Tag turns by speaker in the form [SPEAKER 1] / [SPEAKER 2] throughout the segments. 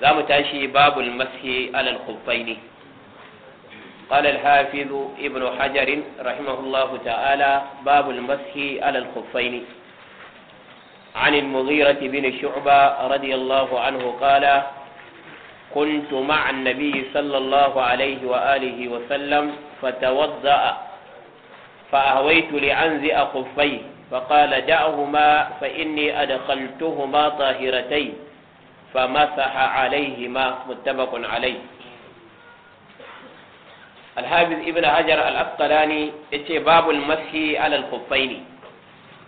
[SPEAKER 1] za mu باب babul على الخفين قال الحافظ ابن حجر رحمه الله تعالى باب المسح على الخفين عن المغيرة بن شعبة رضي الله عنه قال كنت مع النبي صلى الله عليه وآله وسلم فتوضأ فأهويت لعنز أخفيه فقال دعهما فإني أدخلتهما طاهرتين فمسح عليهما متفق عليه الحافظ ابن حجر الأسقلاني yace باب المسح على الخفين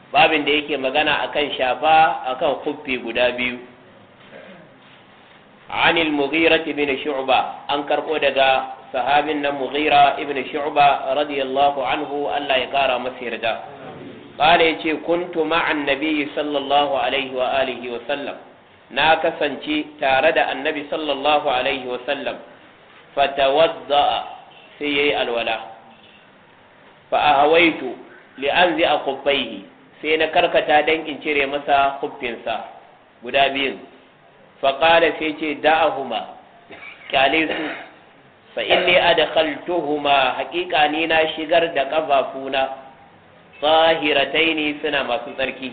[SPEAKER 1] babin da yake magana akan shafa akan kuffi guda biyu عن المغيرة بن شعبة أنكر أودغا صحابنا مغيرة بن شعبة رضي الله عنه ألا يقارى مسير دا قال يتي كنت مع النبي صلى الله عليه وآله وسلم na kasance tare da annabi sallallahu alaihi wasallam fatawadda sai yayi alwala fa li'anzi a kubbaihi sai na karkata don in cire masa kuffinsa guda biyun Faƙada sai ce da'ahuma kyale su fa inni adkhaltuhuma haqiqa ni na shigar da ƙafafuna. kafafuna ne suna masu tsarki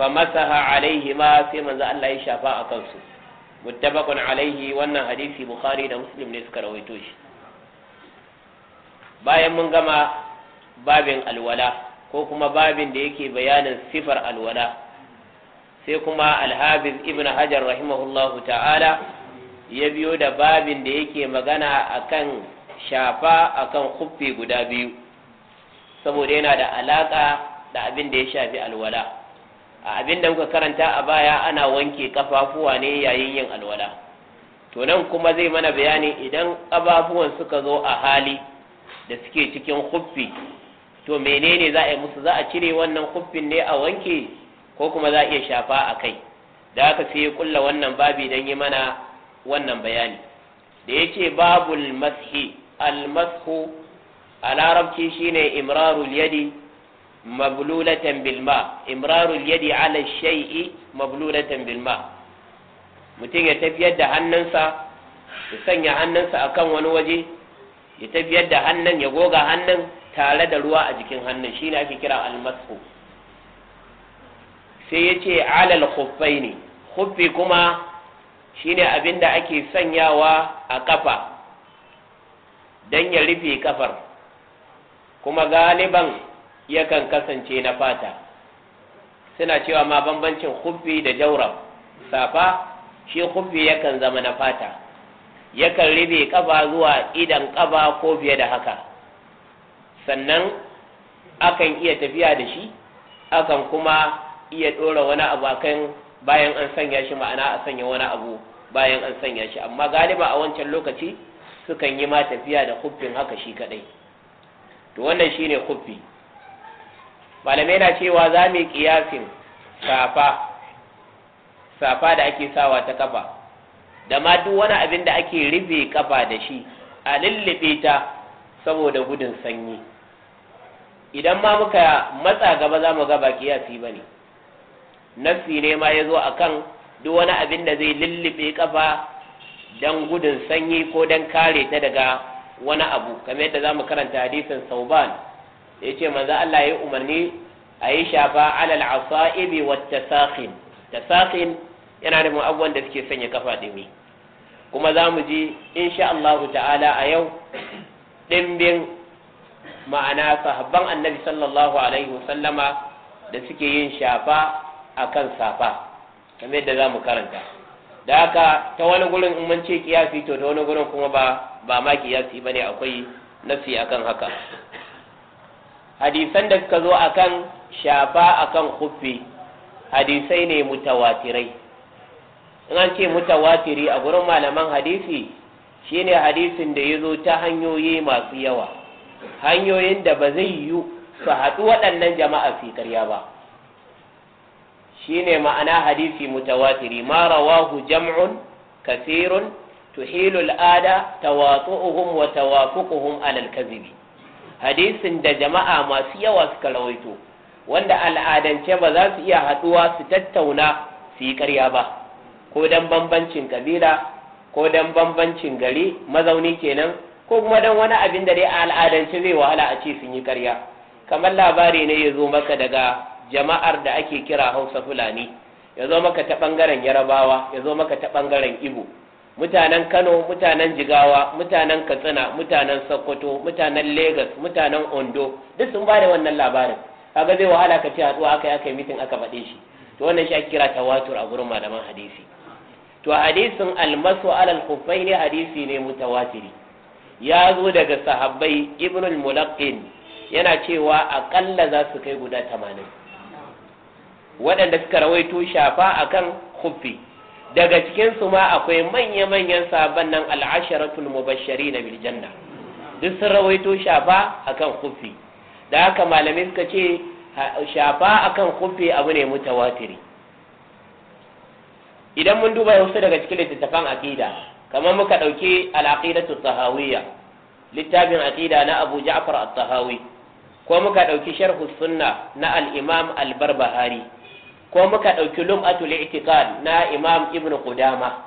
[SPEAKER 1] famasaha alaihi ma sai manzo Allah ya shafa a kansu muttabaqun alaihi wannan hadisi bukhari da muslim ne suka rawaito shi bayan mun gama babin alwala ko kuma babin da yake bayanin sifar alwala sai kuma alhabib ibn hajar rahimahullahu ta'ala ya biyo da babin da yake magana akan shafa akan kuffi guda biyu saboda yana da alaka da abin da ya shafi alwala a abin da muka karanta a baya ana wanke kafafuwa ne yayin yin alwala to nan kuma zai mana bayani idan kafafuwan suka zo a hali da suke cikin huffi to menene za a yi musu za a cire wannan huffin ne a wanke ko kuma za a iya shafa a kai da haka sai kulla wannan babi don yi mana wannan bayani da ya ce babul mashi almashu a larabci shine imrarul yadi mablulatan bil ma imrarul yadi ala shay'i mablulatan bil ma mutum ya tafiyar da hannunsa ya sanya hannunsa akan wani waje ya tafiyar da hannun ya goga hannun tare da ruwa a jikin hannun ne ake kira almasu sai ya ce alal khuffai ne Huffi kuma shine abin da ake sanyawa a kafa don ya rufe kafar kuma galiban yakan kasance na fata suna cewa ma bambancin huffi da jaurab safa shi huffi yakan zama na fata yakan ribe kafa zuwa idan kafa ko biye da haka sannan akan iya tafiya da shi akan kuma iya ɗora wani abu akan bayan an sanya shi ma'ana a sanya wani abu bayan an sanya shi amma galiba a wancan lokaci sukan yi ma tafiya da kuffin haka shi kadai to wannan shine kuffi malamai na cewa za mu yi kiyasin safa safa da ake sawa ta kafa da ma duk wani abin da ake rufe kafa da shi a lullube ta saboda gudun sanyi idan ma muka matsa gaba za mu gaba kiyasi ba ne nafsi ne ma ya zo a kan duk wani abin da zai lullube kafa don gudun sanyi ko don kare ta daga wani abu kamar yadda za mu karanta hadisin sauban ce manzo Allah ya umarni a yi shafa alal asaibi wat tasakhin tasakhin yana da abubuwan da suke sanya kafa dumi kuma za mu ji insha Allah ta'ala a yau dimbin ma'ana sahabban annabi sallallahu alaihi wasallama da suke yin shafa akan safa kamar yadda za mu karanta da haka ta wani gurin in mun ce kiyasi to ta wani gurin kuma ba ba ma kiyasi bane akwai nafsi akan haka hadisan da suka zo akan shafa akan kufi hadisai ne mutawatirai in an ce mutawatiri a gurin malaman hadisi shine hadisin da ya zo ta hanyoyi masu yawa hanyoyin da ba zai yiwu su haɗu waɗannan jama'a su karya ba shine ma'ana hadisi mutawatiri ma rawahu jam'un kasirun tuhilul ada tawatu'uhum wa tawafuquhum alal kadhibi hadisin da jama'a masu yawa suka rawaito wanda al'adance ba za su iya haɗuwa su tattauna su yi karya ba ko dan bambancin kabila ko dan bambancin gari mazauni kenan ko kuma dan wani abin da dai a al'adance zai wahala a ce sun yi karya. kamar labari ne ya zo maka daga jama'ar da ake kira hausa fulani ya zo maka ta bangaren yarabawa ya zo maka ta bangaren ibo mutanen kano mutanen jigawa mutanen katsina mutanen sokoto mutanen Legas, mutanen ondo duk sun ba da wannan labarin kaga zai wahala ka ce haɗuwa aka yi aka yi mitin aka faɗe shi to wannan shi ake kira tawatur a gurin malaman hadisi to hadisin almasu alal kufai ne hadisi ne mutawatiri ya zo daga sahabbai ibnu mulaqin yana cewa akalla za su kai guda tamanin. waɗanda suka rawaito shafa akan kan daga cikin su ma akwai manya-manyan sabon nan al'asharatul mubashshari na biljanna duk sun rawaito shafa akan kufi da haka malamai suka ce shafa kan kufi abu ne mutawatiri idan mun duba wasu daga cikin littattafan aqida kamar muka ɗauki al-aqidatu tahawiyya littafin aqida na Abu Ja'far at-Tahawi ko muka ɗauki sharh sunna na al-Imam al-Barbahari ko muka ɗauki lum'atul i'tiqad na imam ibn qudama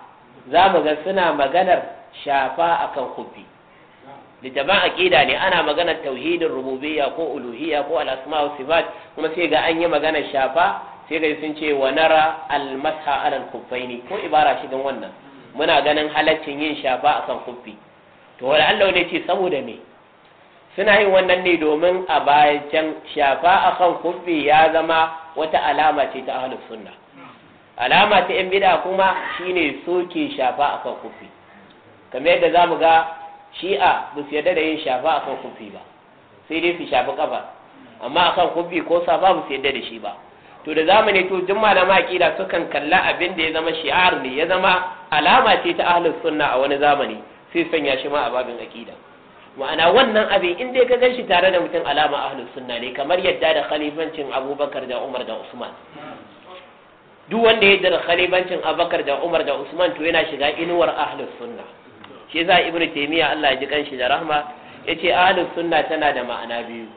[SPEAKER 1] za mu ga suna maganar shafa akan kubbi litaban aƙida ne ana maganar tauhidin rububiyya ko uluhiyya ko al-asma sifat kuma sai ga an yi maganar shafa sai ga sun ce wa nara al-masha ala al ko ibara gan wannan muna ganin halaccin yin shafa akan kubbi to wala Allah ne ce saboda me suna yin wannan ne domin a bayan can shafa a kan kubbi ya zama wata alama ce ta ahlus sunna alama ta yan bid'a kuma shine soke shafa a kan kubbi kamar yadda za mu ga shi'a ba su yarda da yin shafa a kan kubbi ba sai dai su shafi kafa amma a kan kubbi ko safa ba su yarda da shi ba to da zamani to duk malama aqida sukan kalla abin da ya zama shi'ar ne ya zama alama ce ta ahlus sunna a wani zamani sai sanya shi ma a babin akida ma'ana wannan abin in dai ka ganshi tare da mutum alama ahlus sunna ne kamar yadda da khalifancin abubakar da umar da usman duk wanda ya da khalifancin abubakar da umar da usman to yana shiga inuwar ahlus sunna shi yasa ibnu taymiya Allah ya ji kanshi da rahma yace ahlus sunna tana da ma'ana biyu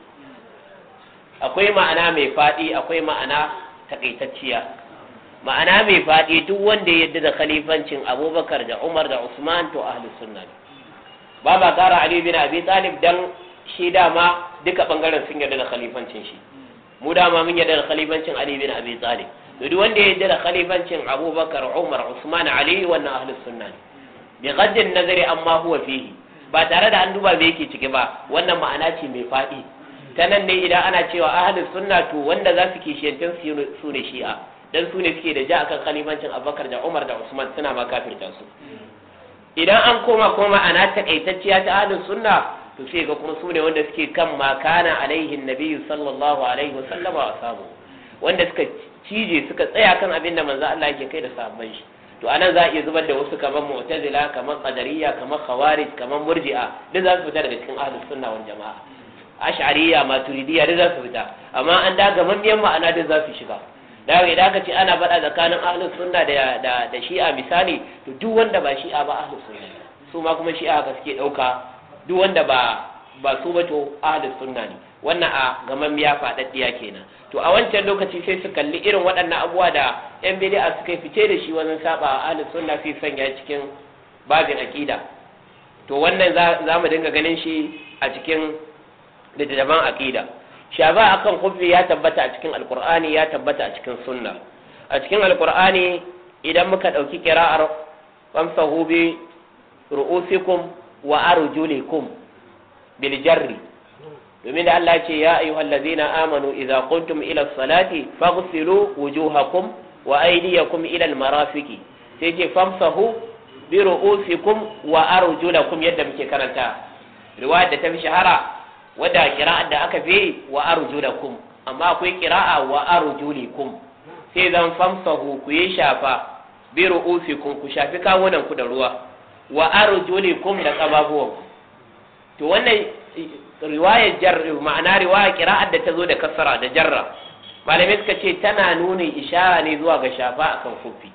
[SPEAKER 1] akwai ma'ana mai fadi akwai ma'ana takaitacciya ma'ana mai fadi duk wanda ya yarda da khalifancin abubakar da umar da usman to ahlus sunna ne ba ba kara Ali bin Abi Talib dan shi dama duka bangaren sun yarda da khalifancin shi mu dama mun yarda da khalifancin Ali bin Abi Talib duk wanda ya yarda da khalifancin Abubakar Umar Usman Ali wannan ahlus sunna ne bi gaddin nazari amma huwa fihi ba tare da an duba me yake cike ba wannan ma'ana ce mai fadi ta nan ne idan ana cewa ahlus sunna to wanda za su kishiyantar su ne shi'a dan su ne suke da ja akan khalifancin Abubakar da Umar da Usman suna ma kafirta su idan an koma koma ana takaitacciya ta ahlus sunna to sai ga kuma su ne wanda suke kan makana alaihi nabiyyu sallallahu alaihi wa wa sabu wanda suka cije suka tsaya kan abin da manzo Allah yake kai da sahabban shi to anan za a iya zubar da wasu kamar mu'tazila kamar qadariyya kamar khawarij kamar murji'a duk za su fita daga cikin ahlus sunna wal jama'a ash'ariyya maturidiyya duk za su fita amma an daga mamiyan ma'ana duk za su shiga dawo da aka ce ana faɗa tsakanin ahlus sunna da da shi'a misali to duk wanda ba shi'a ba ahlus sunna su ma kuma shi'a ka suke ɗauka duk wanda ba ba su ba to ahlus sunna ne wannan a gaman miya faɗaɗɗiya kenan to a wancan lokaci sai su kalli irin waɗannan abubuwa da yan bid'a suka fice da shi wajen saba ahlus sunna fi sanya cikin babin aqida to wannan za mu dinga ganin shi a cikin littattafan aqida shafa akan kufi ya tabbata a cikin alkur'ani ya tabbata a cikin sunna a cikin alkur'ani idan muka ɗauki kira'ar famsahu bi ru'usikum wa arjulikum bil jarri domin da Allah ce ya ayyuhal amanu idza qumtum ila salati faghsilu wujuhakum wa aydiyakum ila al marafiqi sai ce famsahu bi ru'usikum wa arjulakum yadda muke karanta riwayar da ta fi shahara wadda kira'ar da aka fi wa arjulakum amma akwai kira'a wa arjulikum sai zan famsahu ku yi shafa bi ru'usikum ku shafi kawunan ku da ruwa wa arjulikum da kababuwan to wannan riwayar jar ma'ana riwaya kira'ar da ta zo da kasara da jarra malamai suka ce tana nuna ishara ne zuwa ga shafa akan kufi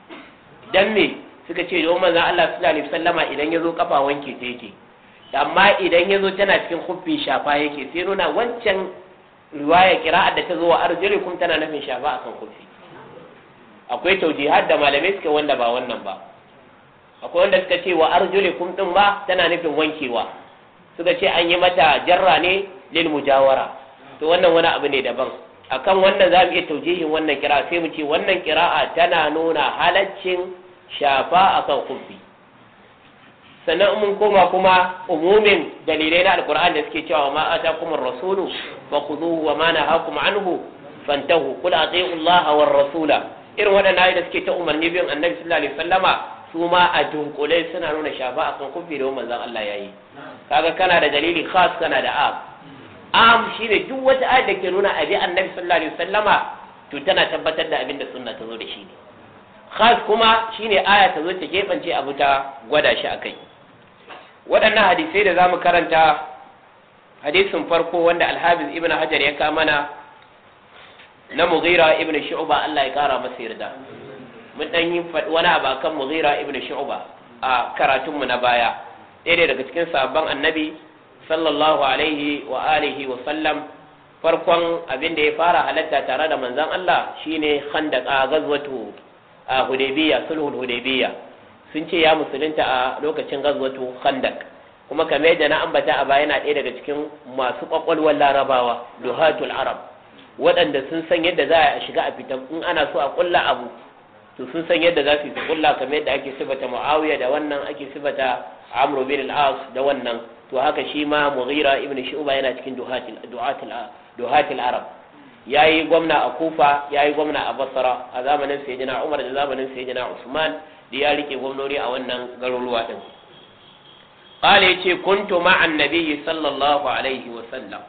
[SPEAKER 1] dan me suka ce don manzon Allah sallallahu alaihi wasallama idan ya zo kafa wanke ta amma idan ya zo tana cikin huffi shafa yake sai nuna wancan riwaya kira da ta zo wa kuma tana nufin shafa akan kufi akwai har da malamai suka wanda ba wannan ba akwai wanda suka ce wa kuma din ba tana nufin wankewa suka ce an yi mata jarra ne lil mujawara to wannan wani abu ne daban akan wannan za mu iya taujihin wannan kira sai mu ce wannan kira'a tana nuna halaccin shafa akan kufi sannan mun koma kuma umumin dalilai na alkur'ani da suke cewa ma kuma rasulu fakhuduhu wa ma nahakum anhu fantahu qul atiiu Allah rasula irin waɗannan ayoyi da suke ta umarni bin annabi sallallahu alaihi wasallama su ma a dunkule suna nuna shafa kan kufi da manzon Allah yayi kaga kana da dalili khas kana da am am shine duk wata ayat da ke nuna abi annabi sallallahu alaihi wasallama to tana tabbatar da abin da sunna ta zo da shi ne khas kuma shine aya ta zo ta gefance abu ta gwada shi a kai. waɗannan hadisai da za mu karanta hadisin farko wanda alhabis ibn hajar ya kamana na mughira ibn shu'ba Allah ya kara masa yarda mun dan yi wani abu akan mughira ibn shu'ba a karatunmu na baya ɗaya daga cikin sabon annabi sallallahu alaihi wa alihi wa sallam farkon abin da ya fara halatta tare da manzon Allah shine khandaq a gazwatu a hudaybiya sulhul hudaybiya sun ce ya musulunta a lokacin gazwatu khandak kuma kamar da na ambata a baya yana ɗaya daga cikin masu kwakwalwar larabawa duhatul arab waɗanda sun san yadda za a shiga a fitan in ana so a kulla abu to sun san yadda za su yi kulla kamar yadda ake sifata muawiya da wannan ake sifata amr bin al-as da wannan to haka shi ma mughira ibn shu'ba yana cikin duhatul duhatul duhatul arab yayi gwamna a kufa yayi gwamna a basra a zamanin sayyidina umar da zamanin sayyidina usman da ya rike gwamnoni a wannan garuruwa din qala yace kuntu ma'an nabiyyi sallallahu alaihi wa sallam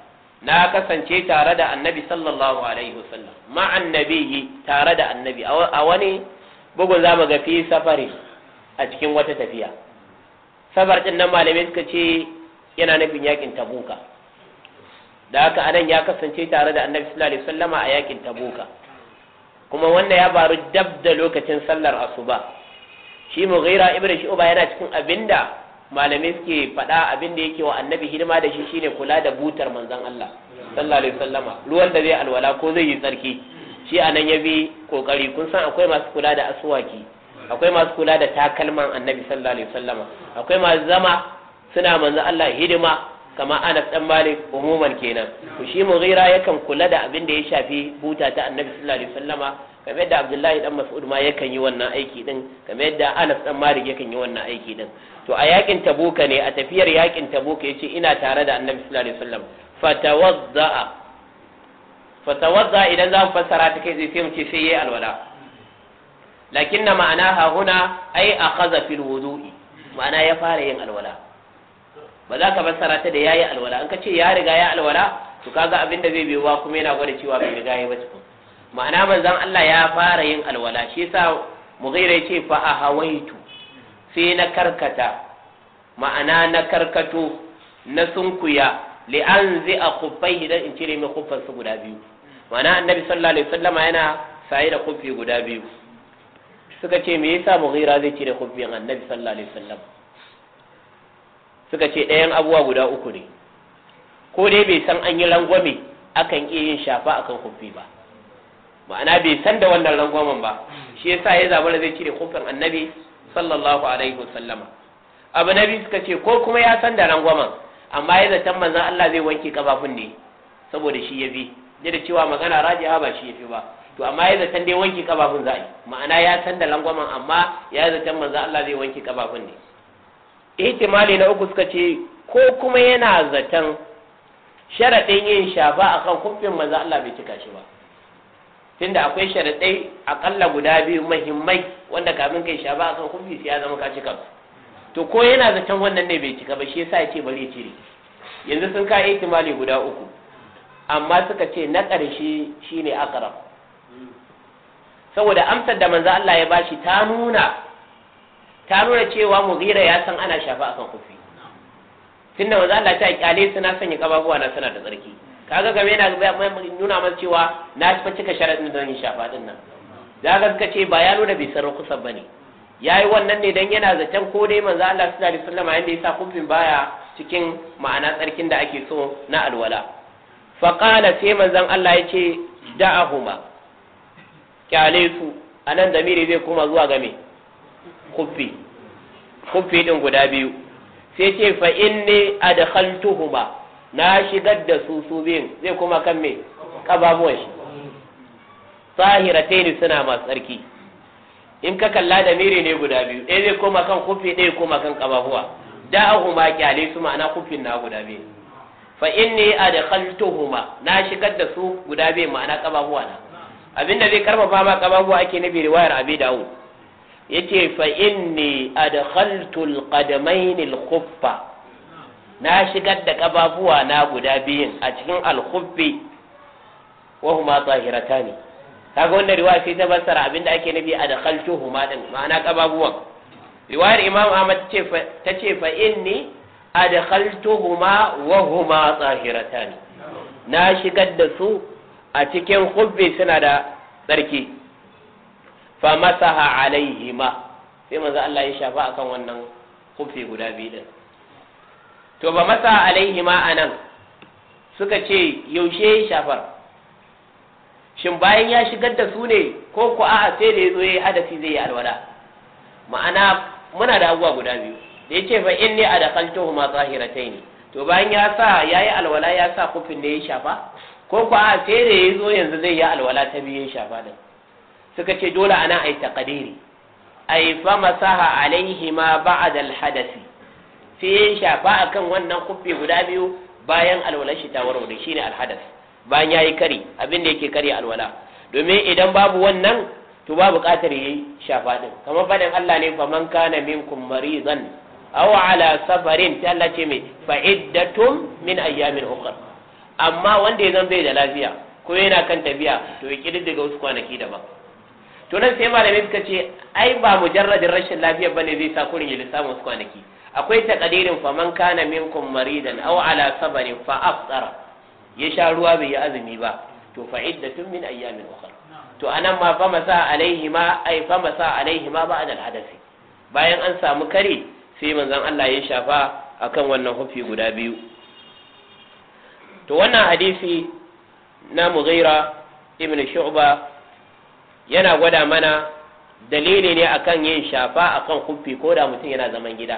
[SPEAKER 1] na kasance tare da annabi sallallahu alaihi wa sallam ma'an nabiyyi tare da annabi a wani bugun zamu ga fi safari a cikin wata tafiya safar din nan malamai suka ce yana nufin yakin tabuka da haka anan ya kasance tare da annabi sallallahu alaihi wasallama a yakin tabuka kuma wanda ya faru dab da lokacin sallar asuba shi mu mughira shi shu'ba yana cikin abinda malamai suke faɗa abinda yake wa annabi hidima da shi shine kula da butar manzon Allah sallallahu alaihi wasallama ruwan da zai alwala ko zai yi tsarki shi anan ya bi kokari kun san akwai masu kula da aswaki akwai masu kula da takalman annabi sallallahu alaihi wasallama akwai masu zama suna manzo Allah hidima kamar Anas dan Malik umuman kenan Shi mu Mughira yakan kula da abinda ya shafi buta ta annabi sallallahu alaihi wasallama kamar yadda abdullahi dan mas'ud ma yakan yi wannan aiki din kamar yadda anas dan malik yakan yi wannan aiki din to a yakin tabuka ne a tafiyar yakin tabuka yace ina tare da annabi sallallahu alaihi wasallam fatawadda fatawadda idan zan fassara ta kai sai mu ce sai yayi alwala lakinna ha huna ai akhadha fil wudu'i ma'ana ya fara yin alwala ba za ka fassara ta da yayi alwala in ka ce ya riga ya alwala to kaga abin da zai biyo kuma yana gwada cewa bai riga yayi ba cikin ma'ana manzan Allah ya fara yin alwala shi yasa mughira yace fa ahawaitu sai na karkata ma'ana na karkato na sunkuya li anzi a kuffai idan in cire mai kufan su guda biyu ma'ana annabi sallallahu alaihi wasallama yana saye da kufi guda biyu suka ce me yasa mughira zai cire kuffin annabi sallallahu alaihi wasallam suka ce ɗayan abuwa guda uku ne ko dai bai san an yi rangwame akan iya yin shafa akan kufi ba ma'ana bai san da wannan rangwamen ba shi yasa ya zaba da zai cire kofin annabi sallallahu alaihi wasallama abu na biyu suka ce ko kuma ya san da rangwamen amma ya zaton zan Allah zai wanke kafafun ne saboda shi ya bi ne da cewa magana raji'a ba shi ya fi ba to amma ya zaton dai wanke kafafun za ma'ana ya san da rangwamen amma ya zaton zan Allah zai wanke kafafun ne ihtimali na uku suka ce ko kuma yana zaton sharaɗin yin shafa akan kuffin manzon Allah bai cika shi ba tunda akwai sharaɗai aƙalla guda biyu mahimmai wanda kafin kai sha ba kan kufi sai ya zama ka cika to ko yana zaton wannan ne bai cika ba shi yasa ya ce bari cire yanzu sun ka ihtimali guda uku amma suka ce na ƙarshe shine aqrab saboda amsar da manzo Allah ya bashi ta nuna ta nuna cewa mughira ya san ana shafa akan kufi tunda manzo Allah ta kyale suna sanya kababuwa na suna da tsarki kaga game yana nuna mana cewa na fa cika sharadin da zan yi shafa din nan zaka suka ce ba ya nuna bai sarar kusa bane yayi wannan ne dan yana zaton ko dai manzo Allah sallallahu alaihi wasallam yanda yasa kufin baya cikin ma'ana tsarkin da ake so na alwala fa qala sai manzon Allah yace da'ahuma kyale su anan damiri zai koma zuwa game kufi ɗin din guda biyu sai ce fa inni adkhaltuhuma na shigar da su su biyun zai kuma kan me kababuwan shi sahirataini suna masu tsarki in ka kalla da miri ne guda biyu ɗaya zai koma kan kufi ɗaya koma kan kababuwa da'ahuma kyale su ma'ana kufin na guda biyu fa inni adkhaltuhuma na shigar da su guda biyu ma'ana kababuwa na abinda zai karfafa ma kababuwa ake nabi riwayar abi da'ud yace fa inni adkhaltul qadamayn al-khuffa na shigar da ƙafafuwa na guda biyun a cikin alkhubbi wa huma tahiratani kaga wannan riwaya sai ta fassara abinda ake nufi a huma din ma'ana ƙababuwan riwayar imam ahmad ta ce fa inni da wa huma tahiratani na shigar da su a cikin khubbi suna da tsarki fa masaha alaihima sai manzo Allah ya shafa akan wannan khubbi guda biyu din to ba masa alaihima a nan suka ce yaushe shafar shin bayan ya shigar da su ne ko ku a'a sai da ya zo ya hadasi zai yi alwala ma'ana muna da abubuwa guda biyu da ya ce fa in ne a da kaltuhu ma zahiratai ne to bayan ya sa ya yi alwala ya sa kufin da ya shafa ko ku a'a sai da ya zo yanzu zai yi alwala ta biyu ya shafa din suka ce dole ana ai taqdiri ai fa masaha alaihi ma ba'da al hadasi sai ya shafa kan wannan kubbe guda biyu bayan alwalar shi ta warware shine alhadas bayan ya yi kari abin da yake kari alwala domin idan babu wannan to ba ya yayi shafa din kamar fadin Allah ne fa man kana minkum zan awa ala safarin ta Allah ce mai fa iddatum min ayyamin ukhra amma wanda ya zan bai da lafiya ko yana kan tafiya to ya daga wasu kwanaki daban to nan sai malamai suka ce ai ba mujarradin rashin lafiya bane zai sa kurin ya lissafin wasu kwanaki akwai takadirin man kana minkum maridan aw ala sabarin fa afṭara ya sha ruwa bai yi azumi ba to fa iddatun min ayyamin ukhra to anan ma fa masa alaihi ma ai fa masa alaihi ma ba al hadasi, bayan an samu kare sai manzon Allah ya shafa akan wannan hufi guda biyu to wannan hadisi na Mughira ibn Shu'ba yana gwada mana dalili ne akan yin shafa akan hufi ko da mutum yana zaman gida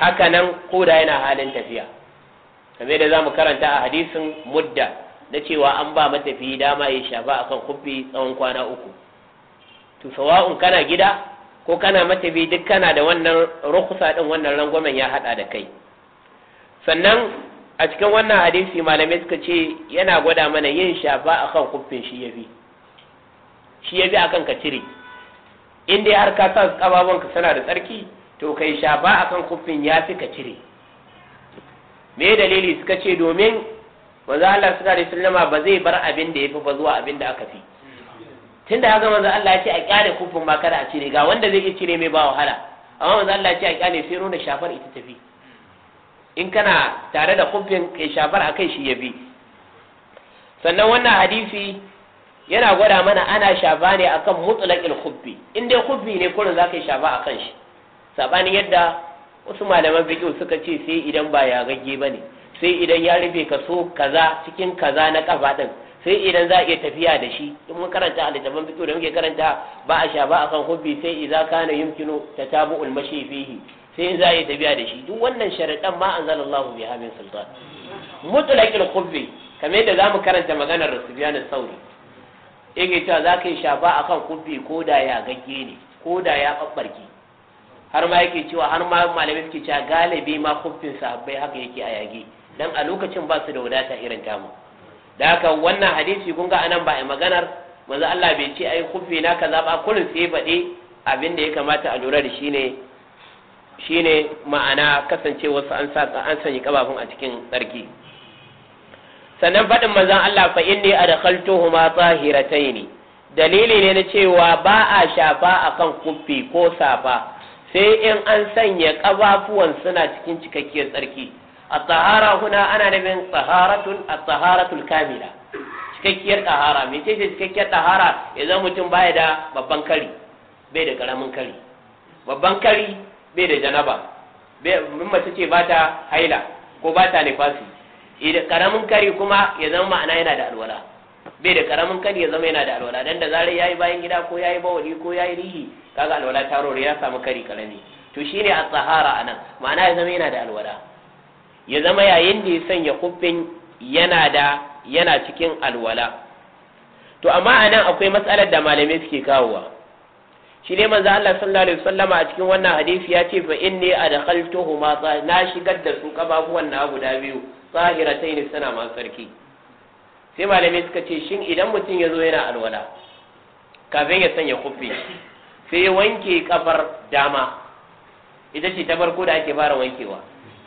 [SPEAKER 1] hakanan koda yana halin tafiya kamar da zamu karanta a hadisin mudda na cewa an ba matafiyi dama ya shafa akan kufi tsawon kwana uku to sawa'un kana gida ko kana matafi duk kana da wannan rukusa din wannan rangwamen ya hada da kai sannan a cikin wannan hadisi malamai suka ce yana gwada mana yin shafa akan kufin shi yafi shi yafi akan ka cire in dai har ka sa kababanka sana da tsarki to kai shafa akan kufin ya fi ka cire me dalili suka ce domin manzo Allah suka da sallama ba zai bar abin da fi ba zuwa abin da aka fi tunda haka manzo Allah ya ce a kyale kuffin ba kada a cire ga wanda zai iya cire mai ba wahala amma manzo Allah ya ce a kyale sai nuna shafar ita tafi in kana tare da kufin kai shafar akai shi ya bi sannan wannan hadisi yana gwada mana ana shafa ne akan mutlaqil khubbi in dai khubbi ne kullun zaka yi shafa akan shi sabani yadda wasu malaman fiqh suka ce sai idan ba ya gagge bane sai idan ya rufe kaso kaza cikin kaza na kafa din sai idan za a iya tafiya da shi in mun karanta a littafin fiqh da muke karanta ba a sha ba a kan hubbi sai idza kana yumkinu tatabu'ul mashi fihi sai za a iya tafiya da shi duk wannan sharadan ma anzalallahu biha min sultan mutlaqil hubbi kamar yadda zamu karanta maganar Sufyan sauri yake cewa za ka yi a kan hubbi ko da ya gagge ne ko da ya babbarki har ma yake cewa har ma malamai suke cewa galibi ma kuffin sahabbai haka yake a yage dan a lokacin ba su da wadata irin tamu da haka wannan hadisi kun ga anan ba a maganar manzo Allah bai ce ai kuffi na kaza ba kullun sai baɗi abin da ya kamata a lura da shi ne shine ma'ana kasancewar su an sa an sanya kababun a cikin tsarki sannan faɗin manzon Allah fa inni adkhaltuhuma tahirataini dalili ne na cewa ba a shafa akan kuffi ko safa sai in an sanya ƙafafuwan suna cikin cikakkiyar tsarki a tsahara huna ana nufin tsaharatun a tsaharatul kamila cikakkiyar tsahara mai ce cikakkiyar tsahara ya mutum baya da babban kari bai da ƙaramin kari babban kari bai da janaba min mace ce ba ta haila ko ba ta nifasi ƙaramin kari kuma ya zama ma'ana yana da alwala bai da karamin kan ya zama yana da alwala dan da zarar yayi bayan gida ko yayi bawali ko yayi rihi kaga alwala ta rore ya samu kari karami to shine a tsahara anan ma'ana ya zama yana da alwala ya zama yayin da ya sanya kuffin yana da yana cikin alwala to amma anan akwai matsalar da malamai suke kawowa shi ne manzo Allah sallallahu alaihi wasallama a cikin wannan hadisi ya ce fa inni adkhaltuhuma na shigar da su kababuwan na guda biyu tahiratayn sana ma sarki sai malamai suka ce shin idan mutum ya zo yana alwala kafin ya sanya kufi sai ya wanke kafar dama ita ce ta farko da ake fara wankewa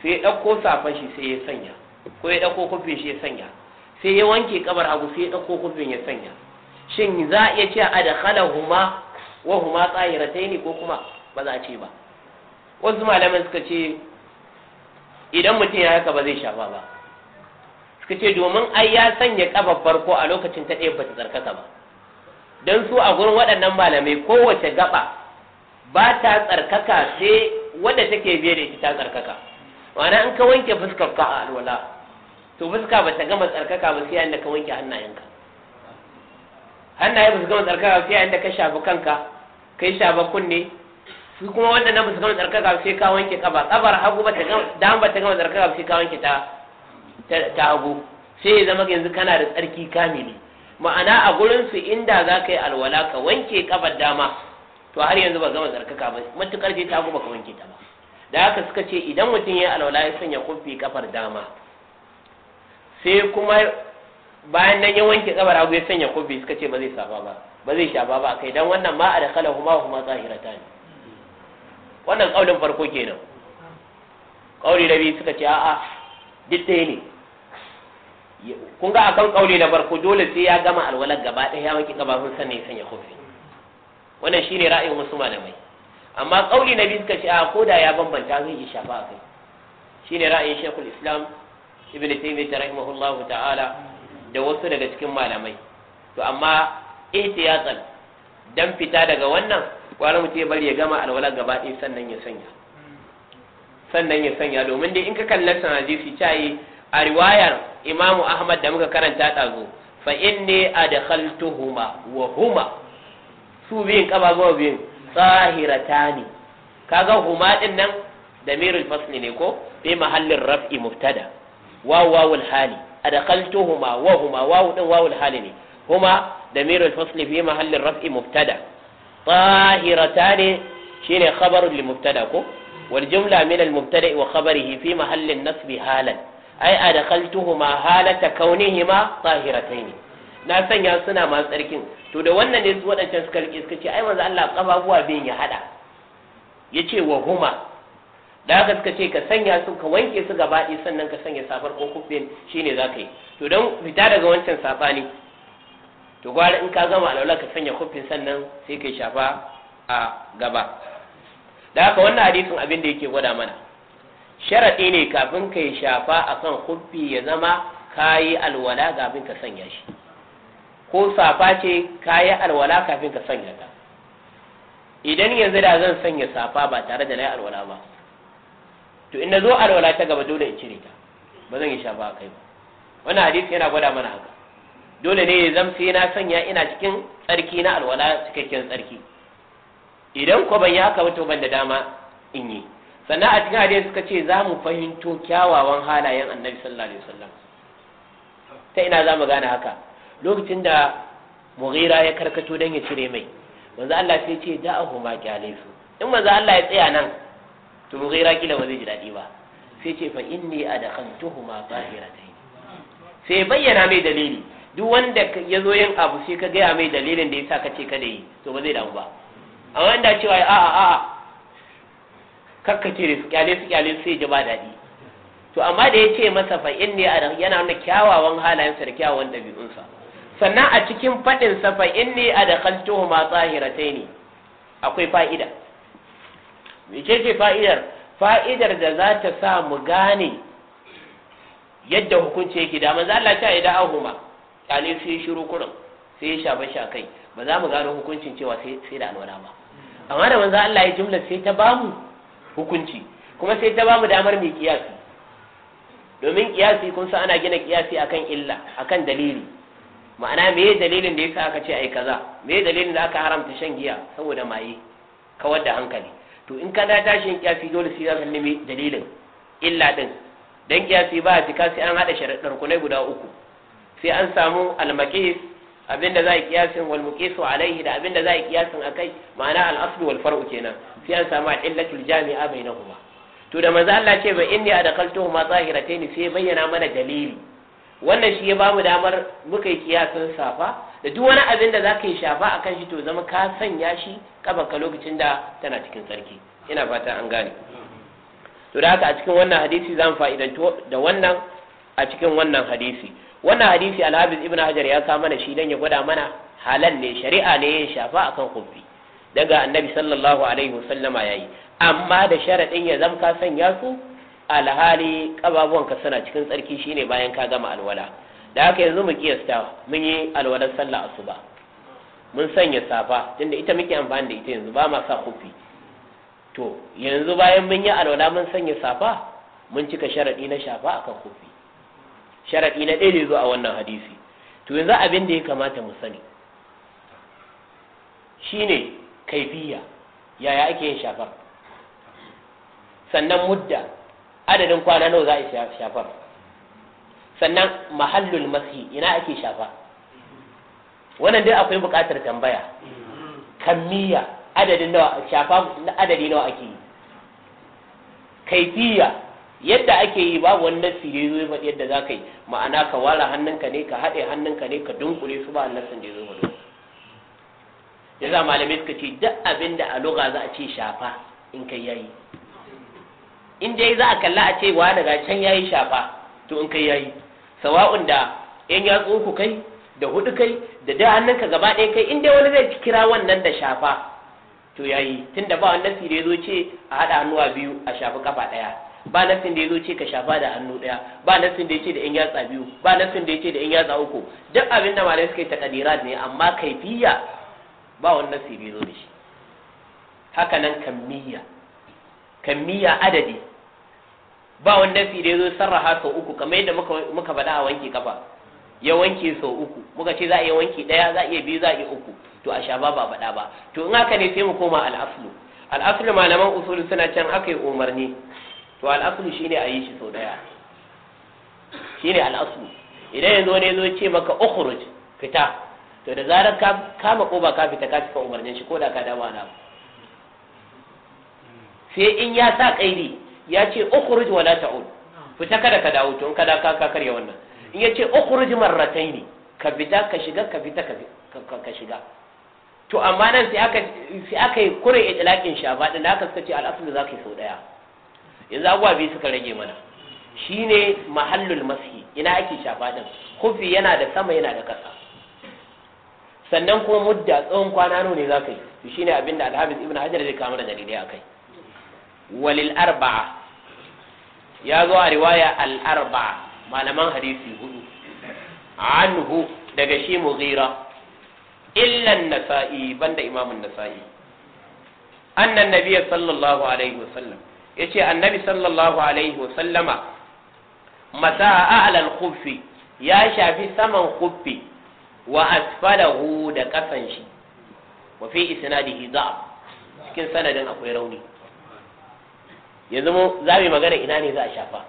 [SPEAKER 1] sai ya ɗauko safan shi sai ya sanya ko ya ɗauko kufin shi ya sanya sai ya wanke kafar abu sai ya ɗauko kufin ya sanya shin za a iya ce a da khala huma wa huma tsahiratai ne ko kuma ba za a ce ba wasu malamai suka ce idan mutum ya haka ba zai shafa ba suka ce domin ai ya sanya kafar farko a lokacin ta ɗaya bata tsarkaka ba don su a gurin waɗannan malamai kowace gaba ba ta tsarkaka sai wadda take biye da ita ta tsarkaka ma'ana in ka wanke fuskar ka a alwala to fuska ba ta gama tsarkaka ba sai yadda ka wanke hannayenka hannaye ba su gama tsarkaka ba sai yadda ka shafi kanka kai shafa kunne su kuma wanda na ba su gama tsarkaka ba sai ka wanke kaba kabar hagu ba ta gama ba ta gama tsarkaka ba sai ka wanke ta ta hagu sai ya zama yanzu kana da tsarki kamili ma'ana a gurinsu inda za ka yi alwala ka wanke kafar dama to har yanzu ba zama zarkaka ba matukar ce ta ba ka wanke ta ba da haka suka ce idan mutum ya yi alwala ya sanya kumfi kafar dama sai kuma bayan nan ya wanke kafar hagu ya sanya kumfi suka ce ba zai safa ba ba zai shafa ba kai dan wannan ma a da kala huma huma zahirata ne wannan kaulin farko kenan da rabi suka ce a'a duk ɗaya ne kun ga akan kauli na farko dole sai ya gama alwalar gaba ɗaya ya wanke gabafin sannan ya sanya kofi wannan shine ra'ayin wasu malamai amma kauli na biyu suka ce a ko da ya bambanta zai yi shafa a kai shine ra'ayin shekul islam ibn taymiyyah rahimahullahu ta'ala da wasu daga cikin malamai to amma ihtiyatan dan fita daga wannan kwara mutum ya bari ya gama alwalar gaba ɗaya sannan ya sanya sannan ya sanya domin dai in ka kalla sanadisi cayi yi a riwayar imamu ahmad da muka karanta ɗazu fa inni adkhaltuhuma wa huma su biyun kababuwa biyun tsahiratani kaga huma din nan damirul fasli ne ko bi mahallin raf'i mubtada waw wawul hali adkhaltuhuma wa huma waw din wawul hali ne huma damirul fasli bi mahallin raf'i mubtada tahiratani shine khabarul li mubtada ko wal jumla min al mubtada wa khabarihi fi mahallin nasbi halan ai a adkhaltuhuma halata kaunihima ne. na sanya suna masu tsarkin to da wannan ne su wadancan suka rike suka ce ai manzo Allah kafafuwa bin ya hada yace wa huma da haka suka ce ka sanya su ka wanke su gaba ɗaya sannan ka sanya safar ko kufin shine zaka yi to don fita daga wancan ne, to gwara in ka gama alwala ka sanya kufin sannan sai ka shafa a gaba da haka wannan hadisin abin da yake gwada mana sharaɗi ne kafin ka yi shafa a kan hubbi ya zama ka yi alwala kafin ka sanya shi ko safa ce ka yi alwala kafin ka sanya ta idan yanzu da zan sanya safa ba tare da na yi alwala ba to in zo alwala ta gaba dole in cire ta ba zan yi shafa a kai ba wannan hadisi yana gwada mana haka dole ne ya sai na sanya ina cikin tsarki na alwala cikakken tsarki idan ko ban yi haka ba to ban da dama in yi sannan a cikin hadisi suka ce za mu fahimto kyawawan halayen annabi sallallahu alaihi wasallam ta ina za mu gane haka lokacin da mughira ya karkato don ya cire mai manzo Allah sai ce da'ahu ma kyale su in manzo Allah ya tsaya nan to mughira kila ba zai ji daɗi ba sai ce fa inni adakhantuhuma tahiratayn sai bayyana mai dalili duk wanda ya zo yin abu sai ka gaya mai dalilin da ya sa ka ce kada yi to ba zai damu ba a wanda cewa a a a Kar da su kyale su kyale su ba daɗi to amma da ya ce masa fa inni ana yana nuna kyawawan halayensa da kyawawan ɗabi'unsa sannan a cikin faɗin sa fa inni adkhaltuhu ma ne akwai fa'ida me ce fa'idar fa'idar da za ta sa mu gane yadda hukunci yake da manzo Allah ta ida ahuma kyale su shiru kurin sai ya shafa shi kai ba za mu gano hukuncin cewa sai da alwala ba amma da manzo Allah ya jimla sai ta bamu hukunci kuma sai ta bamu damar mai kiyasi domin kiyasi kun san ana gina kiyasi akan illa akan dalili ma'ana me dalilin da yasa aka ce ai kaza me dalilin da aka haramta shan giya saboda maye kawar da hankali to in ka da tashin kiyasi dole sai ka nemi dalilin illa din dan kiyasi ba a cika sai an hada sharaɗar kunai guda uku sai an samu almaqis abinda za a yi kiyasin wal alaihi da abinda za a yi kiyasin akai ma'ana al aslu wal far'u kenan sai an samu illatul jami'a bainahuma to da manzo Allah ce ba inni adqaltuhuma ni sai bayyana mana dalili wannan shi ya bamu damar muka yi kiyasin safa da duk wani abin da zaka yi shafa akan shi to zama ka sanya shi kabanka lokacin da tana cikin tsarki ina fata an gane to da haka a cikin wannan hadisi zan fa'idantu da wannan a cikin wannan hadisi wannan hadisi al habib ibn hajar ya kawo mana shi dan ya gwada mana halal ne shari'a ne ya shafa akan kubbi daga annabi sallallahu alaihi wasallama yayi amma da sharadin ya zamka sanya su alhali kababuwan ka suna cikin tsarki shine bayan ka gama alwala da haka yanzu mu kiyasta mun yi alwalar sallah asuba mun sanya safa tunda ita muke amfani da ita yanzu ba ma sa khuffi to yanzu bayan mun yi alwala mun sanya safa mun cika sharadi na shafa akan khuffi sharafi na ɗaya ne zo a wannan hadisi to yanzu abin da ya kamata mu sani shine kaifiya yaya ake yin shafar sannan mudda adadin kwana nawa za a yi shafar sannan mahallul masi ina ake shafa wannan dai akwai buƙatar tambaya kammiya adadin nawa shafa adadi nawa ake yi kaifiya yadda ake yi babu wani nassi da yazo ya faɗi yadda za ka yi ma'ana ka wala hannunka ne ka haɗe hannunka ne ka dunkule su ba nassin da yazo ya za malamai suka ce duk abin da a za a ce shafa in kai yayi in dai za a kalla a ce wa daga can yayi shafa to in kai yayi sawa'un da yan yatsu uku kai da hudu kai da da hannunka gaba ɗaya kai in dai wani zai kira wannan da shafa to yayi tunda ba wannan sire zo ce a haɗa hannuwa biyu a shafi kafa ɗaya ba nassin da ya zo ce ka shafa da hannu ɗaya ba nassin da ya ce da in yatsa biyu ba nassin da ya ce da in yatsa uku duk abin da malai suka yi takadirat ne amma kaifiya ba wani nassi da ya zo da shi haka nan kammiya kammiya adadi ba wani nassi da ya zo sarraha sau uku kamar yadda muka faɗa a wanke kafa ya wanke sau uku muka ce za a iya wanke ɗaya za a iya biyu za a iya uku to a sha ba ba faɗa ba to in haka ne sai mu koma al'aslu al'aslu malaman usul suna can aka yi umarni to al'aslu ne a yi shi sau daya ne al'aslu idan yanzu wani zo ce maka ukhruj fita to da zarar ka kama ko ba ka fita ka cika umarnin shi ko da ka dama na sai in ya sa kaidi ya ce ukhruj wala ta'ud fita kada ka dawo to in kada ka ka karya wannan in ya ce ukhruj marrataini ka fita ka shiga ka fita ka shiga to amma nan sai aka sai aka yi kure itlaqin shafa din haka suka ce al'aslu ka yi sau daya yanzu abuwa biyu suka rage mana shine mahallul maski ina ake shafa din kufi yana da sama yana da kasa sannan kuma mudda tsawon kwana nawa ne zaka yi to shine abinda al-Hafiz Ibn Hajar zai kama da dalilai akai walil arba'a ya zo a riwaya al arba'a malaman hadisi hudu anhu daga shi mughira illan nasa'i banda imamun nasa'i annan nabiyya sallallahu alaihi wasallam yace annabi sallallahu alaihi wa sallama masa a'la al-khuffi ya shafi saman khuffi wa asfalahu da kasan shi wa fi isnadihi da cikin sanadin akwai rauni yanzu mu za mu magana ina ne za a shafa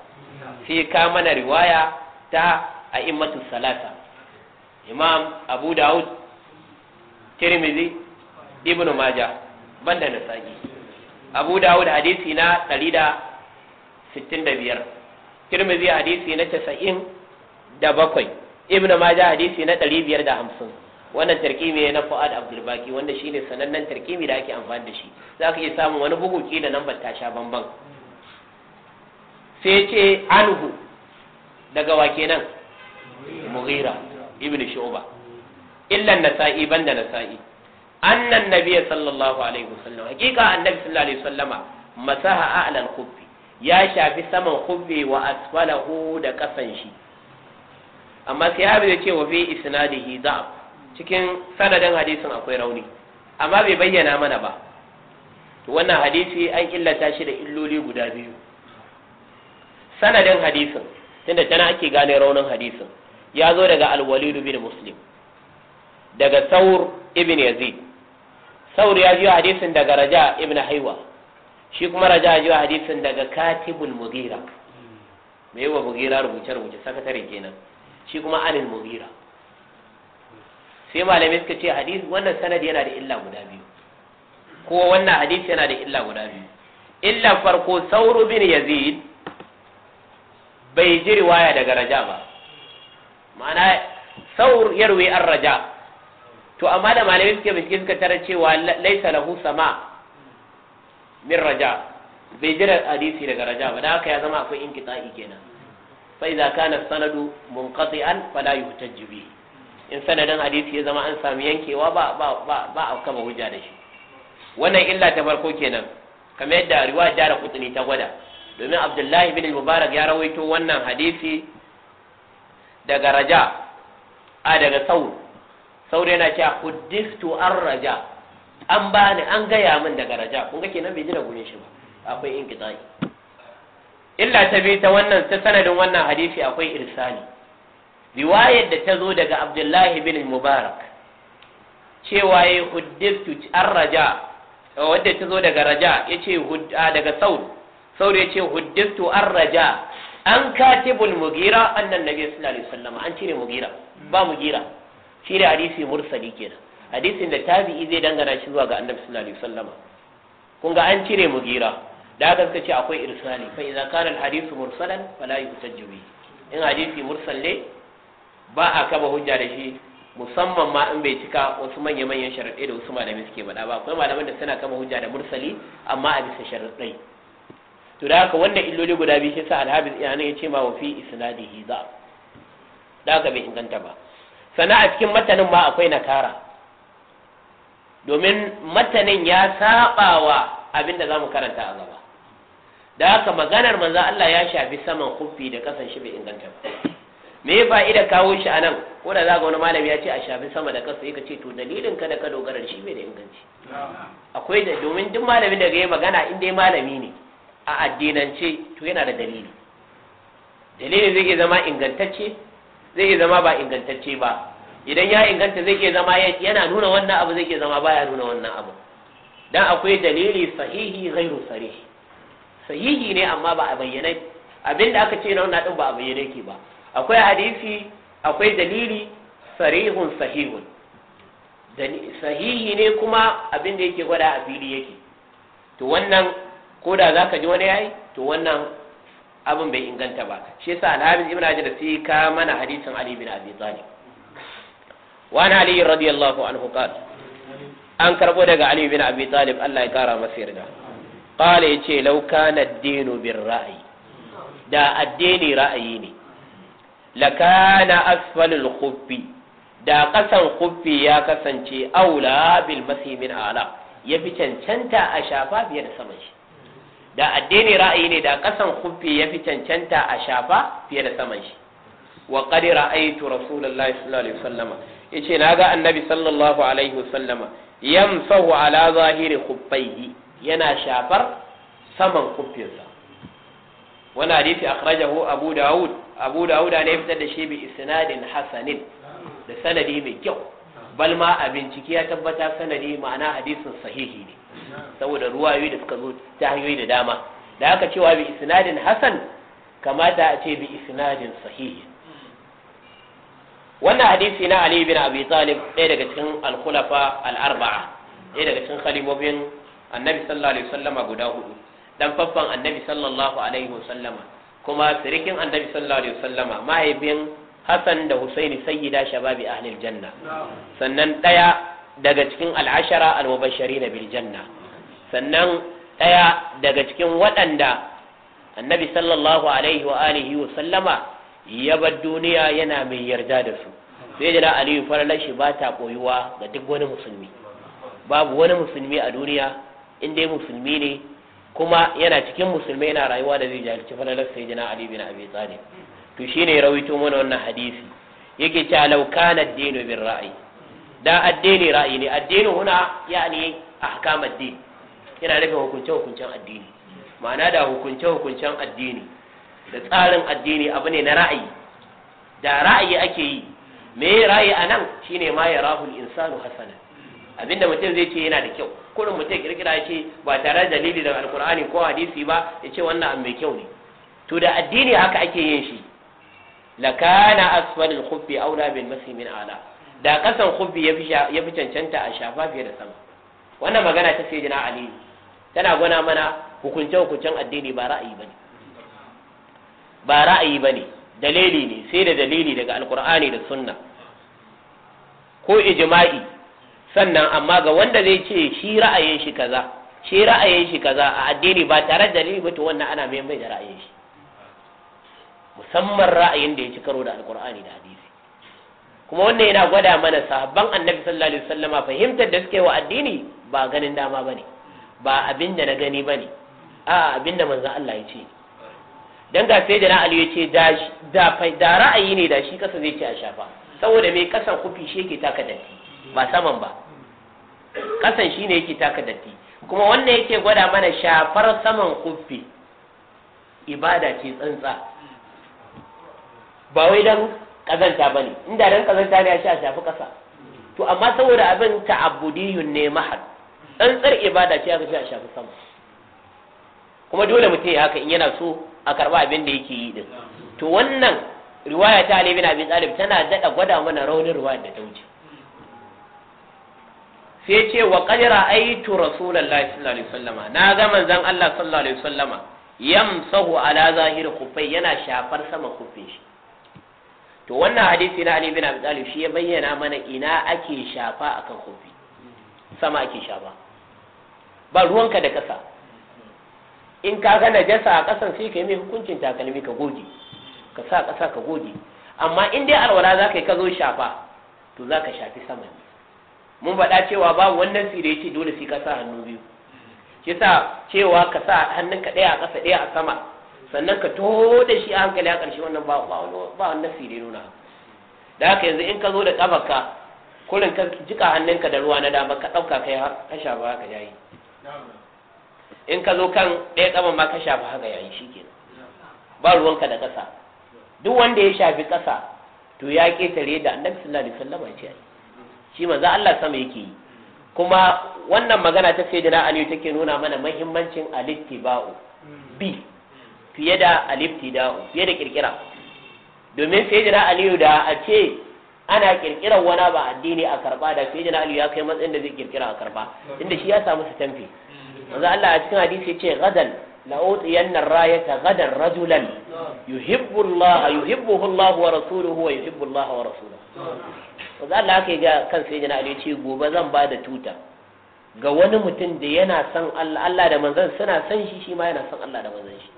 [SPEAKER 1] sai ka mana riwaya ta a'immatu salasa imam abu daud tirmidhi ibnu majah banda sahihi abu dawud hadisi na 165 kirmizi hadisi na 97 ibn majah hadisi na 550 wannan tarkimi ne na fuad abdul baki wanda shine sanannen tarkimi da ake amfani da shi Za ka iya samun wani bugu ki da nan ta sha bambam. sai ce anhu daga wa kenan mughira ibn shu'ba illa nasa'i banda nasa'i annan nabiyya sallallahu alaihi wasallam hakika annabi sallallahu alaihi wasallama masaha a'lal khuffi ya shafi saman khuffi wa asfalahu da kasan shi amma sai ya ce wa fi isnadihi da'af cikin sanadin hadisin akwai rauni amma bai bayyana mana ba to wannan hadisi an illata shi da illoli guda biyu sanadin hadisin tunda tana ake gane raunin hadisin ya zo daga alwalidu bin muslim daga saur ibn yazid sauri ya jiwa hadisin daga raja ibn haiwa shi kuma raja ya jiwa hadisin daga katibul mugira mai wa mugira rubuce rubuce sakatare kenan shi kuma anil mugira sai malamai suka ce hadis wannan sanadi yana da illa guda biyu ko wannan hadisi yana da illa guda biyu illa farko sauru bin yazid bai ji riwaya daga raja ba ma'ana saur yarwi an raja to amma da malamai suke bincike suka tara cewa laisa lahu sama min raja bai jira hadisi daga raja ba da haka ya zama akwai inqita'i kenan fa idza kana sanadu munqati'an fala yuhtajju in sanadin hadisi ya zama an samu yankewa ba ba ba ba a kama hujja da shi wannan illa ta farko kenan kamar yadda riwaya jara kutuni ta gwada domin abdullahi bin mubarak ya rawaito wannan hadisi daga raja a daga saur saboda yana cewa huddistu an raja an bani an gaya min daga raja kun ga kenan bai ji da gurin shi ba akwai inqita'i illa ta bi ta wannan ta sanadin wannan hadisi akwai irsali riwayar da ta zo daga Abdullahi bin Mubarak cewa ya huddistu an raja wadda ta zo daga raja ya ce daga saud ya ce huddistu an raja an katibul mugira annan nabi sallallahu alaihi wasallam an cire mugira ba mugira shi da hadisi mursali kenan hadisin da tabi'i zai dangana shi zuwa ga annabi sallallahu alaihi wasallama kun ga an cire mugira da haka suka ce akwai irsali fa idza kana al hadisu mursalan fala yuhtajju bihi in hadisi mursal ne ba a kaba hujja da shi musamman ma in bai cika wasu manya-manyan sharaɗai da wasu malamai suke faɗa ba akwai malaman da suna kama hujja da mursali amma a bisa sharaɗai to da haka wannan illoli guda biyu shi sa alhabis ya ce ma wa fi isnadihi za da haka bai inganta ba sana a cikin matanin ma akwai nakara domin matanin ya sabawa wa abin da za karanta a gaba da haka maganar manzo Allah ya shafi saman kufi da kasan shi bai inganta ba me fa'ida kawo shi a nan ko da za ga wani malami ya ce a shafi sama da kasa yaka ce to dalilin ka da ka dogara shi bai da inganci akwai da domin duk malamin da ya magana in dai malami ne a addinance to yana da dalili dalili zai zama ingantacce zai iya zama ba ingantacce ba idan ya inganta zai iya zama yana nuna wannan abu zai iya zama baya nuna wannan abu dan akwai dalili sahihi ghairu sarih sahihi ne amma ba a bayyana abinda aka ce na wannan din ba a bayyana yake ba akwai hadisi akwai dalili sarihun sahihun sahihi ne kuma abinda yake gwada a fili yake to wannan ko da zaka ji wani yayi to wannan abin bai inganta ba shi yasa alhamis ibn hajar sai ka mana hadisin ali bin abi talib wa na ali radiyallahu anhu qala an karbo daga ali bin abi talib Allah ya kara masa yarda qala yace law kana ad-dinu bir ra'yi da addini ra'ayi ne lakana asfalul khuffi da kasan khuffi ya kasance aula bil min ala yafi cancanta a shafa fiye da saman shi da addini ra'ayi ne da kasan kufi ya fi cancanta a shafa fiye da saman shi wa qad ra'aytu rasulullahi sallallahu alaihi wasallam yace naga annabi sallallahu alaihi wasallam yamsahu ala zahiri khuffaihi yana shafar saman kufinsa wani hadisi akhrajahu abu daud abu daud ne ya fitar da shi bi isnadin hasanin da sanadi mai kyau bal ma a bincike ya tabbata sanadi ma'ana hadisin sahihi ne saboda ruwayoyi da suka zo ta hanyoyi da dama da haka cewa bi isnadin hasan kamata a ce bi isnadin sahihi wannan hadisi na Ali bin Abi Talib ɗaya daga cikin al-khulafa al-arba'a ɗaya daga cikin khalifofin Annabi sallallahu alaihi wasallama guda hudu dan faffan Annabi sallallahu alaihi wasallama kuma sirikin Annabi sallallahu alaihi wasallama mahaifin Hassan da Husaini sayyida shababi ahlil janna sannan ɗaya daga cikin al'ashara al-mubashari na biljanna sannan ɗaya daga cikin waɗanda annabi sallallahu alaihi wa alihi wa sallama ya bar duniya yana mai yarda da su sai da aliyu farlar shi ba ta koyuwa ga duk wani musulmi babu wani musulmi a duniya in dai musulmi ne kuma yana cikin musulmai yana rayuwa da zai jahilci farlar sai da aliyu bin abi tsari. to shine rawaito mana wannan hadisi yake cewa law kana ad ra'ayi da addini ra'ayi ne addini huna yani ahkam addini yana nufin hukunce hukuncen addini ma'ana da hukunce hukuncen addini da tsarin addini abu ne na ra'ayi da ra'ayi ake yi me ra'ayi a anan shine ma ya rahul insanu hasana abinda mutum zai ce yana da kyau Kullum mutum kirkira ya ce ba tare da dalili daga alkur'ani ko hadisi ba ya ce wannan abu mai kyau ne to da addini haka ake yin shi lakana asfalul khuffi aula bil masih min ala da kasan khubbi ya fi cancanta a shafa fiye da sama wannan magana ta sai jina ali tana gwana mana hukunce hukuncen addini ba ra'ayi bane ba ra'ayi bane dalili ne sai da dalili daga alkur'ani da sunna ko ijma'i sannan amma ga wanda zai ce shi ra'ayin shi kaza shi ra'ayin shi kaza a addini ba tare da dalili ba to wannan ana mai mai da ra'ayin shi musamman ra'ayin da ya ci karo da alkur'ani da hadisi kuma wannan yana gwada mana sahabban annabi sallallahu alaihi wasallama fahimtar da suke wa addini ba ganin dama bane ba abin da na gani bane a abin da manzon Allah ya ce dan ga sai da na Ali ya ce da da da ra'ayi ne da shi kasa zai ce a shafa saboda me kasan kufi shi yake taka datti ba saman ba kasan shi ne yake taka datti kuma wannan yake gwada mana shafar saman kufi ibada ce tsantsa ba wai dan kazanta bane inda dan kazanta ne ya sha shafi kasa to amma saboda abin ta'abbudiyun ne mahal tsantsar ibada ce aka sha shafi sama kuma dole mutum ya haka in yana so a karba abin da yake yi din to wannan riwaya ta Ali bin Abi Talib tana daɗa gwada mana raunin riwaya da ta wuce sai ce wa qad ra'aytu rasulullahi sallallahu alaihi wasallama na ga manzon Allah sallallahu alaihi wasallama yamsahu ala zahir kufai yana shafar sama kufin shi to wannan hadisi na Ali bin Abi Talib shi ya bayyana mana ina ake shafa akan kofi sama ake shafa ba ruwanka da kasa in ka ga najasa a kasan sai ka yi mai hukuncin takalmi ka goge ka sa kasa ka goge amma in dai alwala za ka yi ka zo shafa to za ka shafi sama mun faɗa cewa babu wannan sire ya ce dole sai ka sa hannu biyu shi sa cewa ka sa hannunka ɗaya a ƙasa ɗaya a sama sannan ka taho da shi a hankali a ƙarshe wannan ba wani nasi da nuna da haka yanzu in ka zo da ƙafarka kurin ka jika hannunka da ruwa na dama ka ɗauka kai ka shafa haka yayi in ka zo kan ɗaya ƙafan ma ka shafa haka yayi shikenan ba ruwanka da ƙasa duk wanda ya shafi ƙasa to ya ƙetare da annabi sallallahu alaihi wasallam ce shi manzo Allah sama yake yi kuma wannan magana ta sayyidina Ali take nuna mana muhimmancin alittiba'u bi fiye da aliftida'u fiye da kirkira domin sai jira aliyu da a ce ana kirkirar wani ba addini a karba da sai jira aliyu ya kai matsayin da zai kirkira a karba inda shi ya samu su tamfi manzo Allah a cikin hadisi ya ce gadan la utiyanna rayata gadan rajulan yuhibbu Allah yuhibbuhu Allah wa rasuluhu wa yuhibbu Allah wa rasuluhu
[SPEAKER 2] manzo
[SPEAKER 1] Allah kai ga kan sai jira aliyu ce gobe zan ba da tuta ga wani mutum da yana son Allah Allah da manzon suna son shi shi ma yana son Allah da manzon shi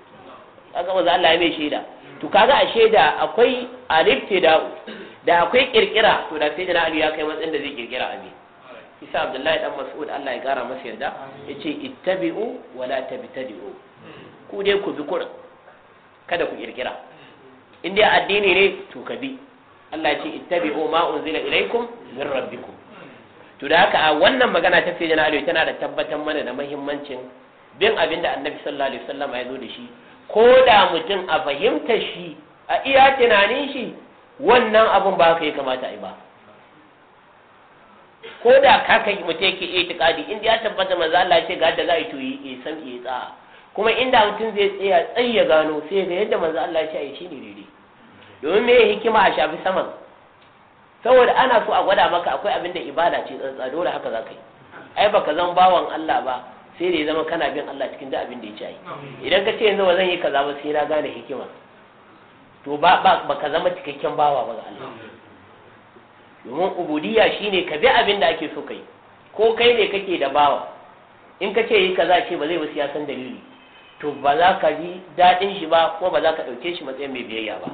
[SPEAKER 1] kaga wanzu Allah ya mai shaida to kaga a shaida akwai aliftida'u da akwai kirkira to da sai jana Ali ya kai matsayin da zai kirkira abi isa abdullahi dan mas'ud Allah ya kara masa yarda yace ittabi'u wala tabtadi'u ku dai ku bi kurin kada ku kirkira in dai addini ne to ka bi Allah ya ce ittabi'u ma unzila ilaikum min rabbikum to da haka a wannan magana ta sayyidina Ali tana da tabbatar mana da muhimmancin bin abin da Annabi sallallahu alaihi wasallam ya zo da shi ko da mutum a fahimta shi a iya tunanin shi wannan abin ba ka yi kamata ba ko da ka kai mutum yake tukadi inda ya tabbata maza Allah ce ga za a yi toyi yi san yi tsaha. kuma inda mutum zai tsaya tsayi ya gano sai ga yadda maza Allah ce a yi shine daidai domin me hikima a shafi saman saboda ana so a gwada maka akwai abin da ibada ce tsantsa dole haka za ka yi ai baka zan bawan Allah ba sai da ya zama kana bin Allah cikin da abin da ya ci ai idan ka ce yanzu ba zan yi kaza ba sai na gane hikima to ba ba ka zama cikakken bawa ba ga Allah domin ubudiyya shine ka bi abin da ake so kai ko kai ne kake da bawa in ka ce yi kaza ce ba zai ba san dalili to ba za ka ji daɗin shi ba kuma ba za ka ɗauke shi matsayin mai biyayya ba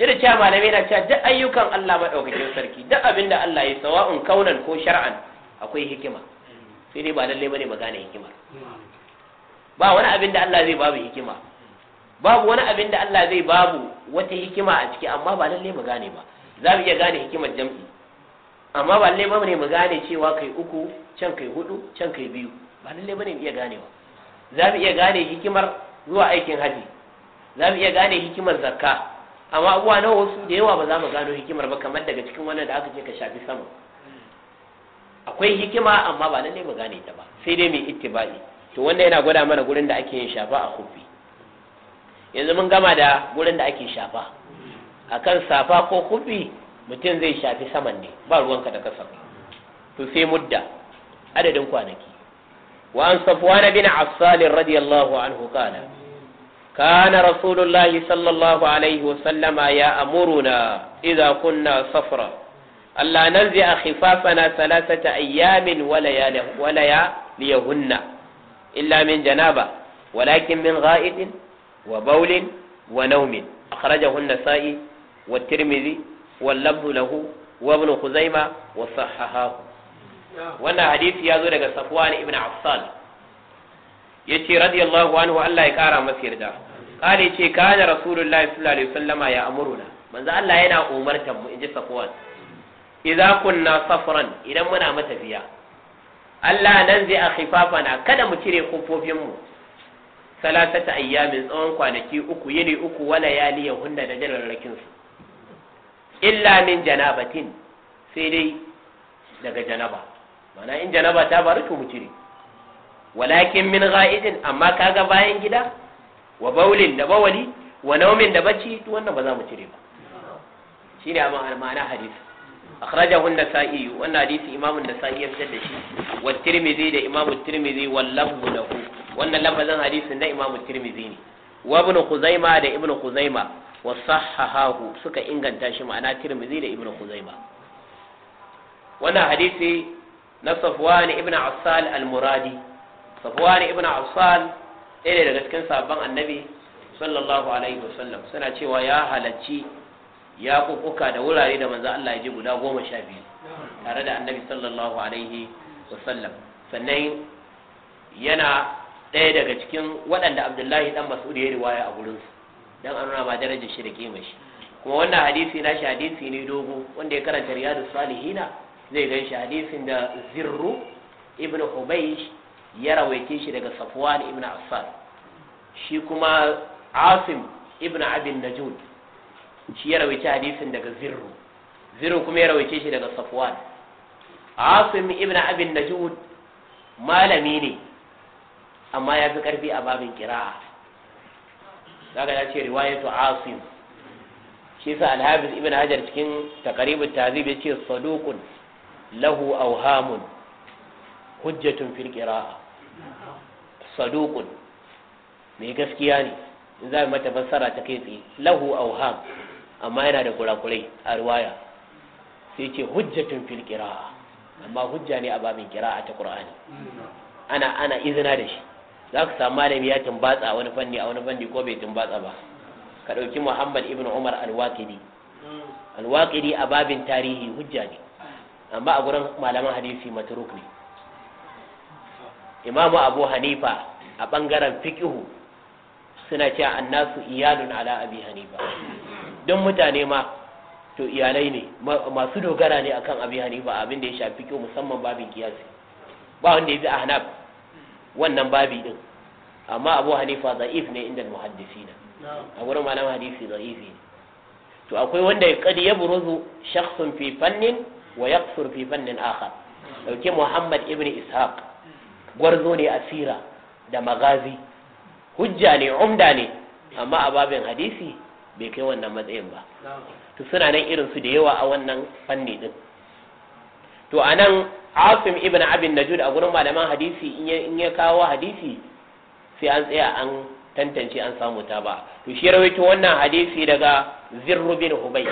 [SPEAKER 1] jira cewa malamai na cewa duk ayyukan Allah maɗaukakin sarki duk abin da Allah ya sawa'un kaunan ko shar'an akwai hikima sai dai ba lalle bane magana gane hikimar hmm. ba wani abin da Allah zai babu hikima babu wani abin da Allah zai babu wata hikima a ciki amma ba lalle mu gane ba za mu iya gane hikimar jam'i amma ba lalle ba ne mu gane cewa kai uku can kai hudu can kai biyu ba lalle ba ne mu iya ganewa za mu iya gane hikimar zuwa aikin haji za mu iya gane hikimar zakka amma abuwa nawa wasu da yawa ba za mu gano hikimar ba kamar daga cikin wannan da aka ce ka shafi sama akwai hikima amma ba lalle mu gane ta ba sai dai mu ittibai to wannan yana gwada mana gurin da ake yin shafa a kufi yanzu mun gama da gurin da ake shafa akan safa ko kufi mutum zai shafi saman ne ba ruwanka da kasa to sai mudda adadin kwanaki wa an safwan bin affal radiyallahu anhu kana kana rasulullahi sallallahu alaihi wa sallama ya amuruna idza kunna safra Allah nan zai a khifafana salasata ayyamin walaya ya liyahunna illa min janaba walakin min gha'idin wa baulin wa naumin akhrajahu an-nasa'i wa tirmidhi wal labdu lahu wa ibn khuzaima wa sahahahu wannan hadisi ya zo daga safwan ibn affan yace radiyallahu anhu Allah ya kara masa yarda kare ce kana rasulullahi sallallahu alaihi wasallama ya amuruna manzo Allah yana umartar mu inji safwan idza kunna safran idan muna matafiya Allah nan zai akhifafana kada mu cire kofofin mu salatata ayyamin tsawon kwanaki uku yini uku wala ya hunda da dalarrakin su illa min janabatin sai dai daga janaba mana in janaba ta bari mu cire walakin min ghaidin amma kaga bayan gida wa baulin da bawali wa naumin da bacci To wannan ba za mu cire ba shine amma ma'ana hadisi akhrajahu an-nasa'i wannan hadisi imamu an-nasa'i ya fitar da shi wa tirmidhi da imamu tirmidhi wal lafzu lahu wannan lafazin hadisi na imamu tirmidhi ne wa ibn khuzaima da ibn khuzaima wa sahahahu suka inganta shi ma'ana tirmidhi da ibn khuzaima wannan hadisi na safwan ibn asal al-muradi safwan ibn asal ɗaya sabon annabi sallallahu alaihi suna cewa ya halacci ya kukuka da wurare da manzo Allah ya ji guda goma sha biyu tare da annabi sallallahu alaihi wasallam sannan yana ɗaya daga cikin waɗanda abdullahi dan mas'ud ya riwaya a gurin su dan an nuna ma darajar shi da kima shi kuma wannan hadisi na shi hadisi ne dogo wanda ya karanta riyadu salihina zai gan shi hadisin da zirru ibn hubaysh ya rawaice shi daga safwan ibn affan shi kuma asim ibn abin najud shi ya rawaice hadisin daga zirru zirru kuma ya rawaice shi daga safwan asim ibn abin najud malami ne amma ya fi karfi a babin kira'a zaka ya ce riwayatu asim shi sa alhabis ibn hajar cikin taqribut ta ya ce saduqun lahu awhamun hujjatun fil qira'a saduqun mai gaskiya ne in za mu mata fassara ta kai tsaye lahu awham amma yana da kurakurai a ruwaya sai ce hujjatun fil kira amma hujja ne a babin kira a ta qur'ani ana ana izina da shi za ka samu malami ya tumbatsa wani fanni a wani fanni ko bai tumbatsa ba ka ɗauki muhammad ibn umar alwaƙidi alwaƙidi a babin tarihi hujja ne amma a gurin malaman hadisi matruk ne imamu abu hanifa a ɓangaren fiƙihu suna ce annasu iyalun ala abi hanifa don mutane ma to iyalai ne masu dogara ne akan abi hanifa abin da ya shafi kyau musamman babin kiyasi ba wanda ya bi ahnaf wannan babi din amma abu hanifa za'if ne inda na a wurin malamin hadisi za'ifi ne to akwai wanda ya ya yabruzu shakhsun fi fannin wa yaqsur fi fannin akhar dauke muhammad ibn ishaq gwarzo ne asira da magazi hujja ne umda ne amma a babin hadisi bai kai wannan matsayin ba to suna nan irin su da yawa a wannan fanni din to anan Asim ibn Abin Najud a gurin malaman hadisi in ya kawo hadisi sai an tsaya an tantance an samu ta ba to shi rawaito wannan hadisi daga Zirru bin Hubay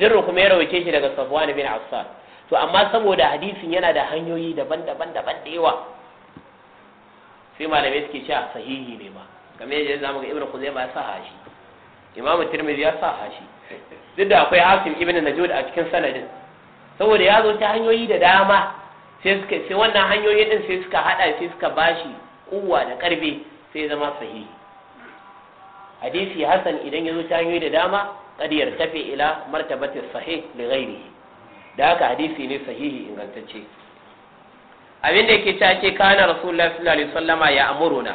[SPEAKER 1] Zirru kuma ya rawaice shi daga Safwan bin Affan to amma saboda hadisin yana da hanyoyi daban-daban daban da yawa sai malamai suke cewa sahihi ne ba kamar yadda zamu ga ibnu khuzaima ya sa hashi. imam tirmidhi ya sa hashi. duk da akwai hasim ibnu najud a cikin sanadin saboda ya zo ta hanyoyi da dama sai suka sai wannan hanyoyi din sai suka hada sai suka bashi kuwa da karbe sai zama sahihi hadisi hasan idan ya zo ta hanyoyi da dama kadiyar tafi ila martabati sahih li ghairihi da haka hadisi ne sahihi ingantacce abin da yake cewa ce kana rasulullahi sallallahu alaihi wasallam ya amuruna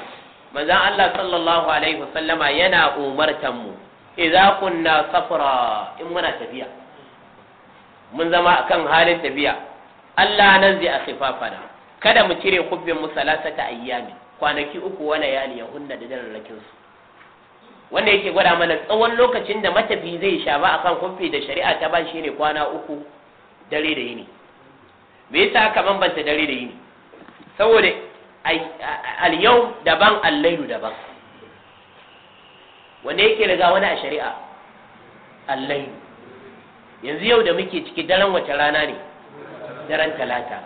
[SPEAKER 1] manzon Allah sallallahu alaihi wasallam yana umartan mu idza kunna safra in muna tafiya mun zama akan halin tafiya Allah nan zai sifafana kada mu cire kubbin mu ta ayyami kwanaki uku wala yali ya hunna da dararrakin su wanda yake gwada mana tsawon lokacin da matafi zai sha akan kubbi da shari'a ta ba ne kwana uku dare da yini me yasa aka bambanta dare da yini saboda al-yau daban al-lailu daban wanda yake riga wani a shari'a al yanzu yau da muke ciki daren wace rana ne daren talata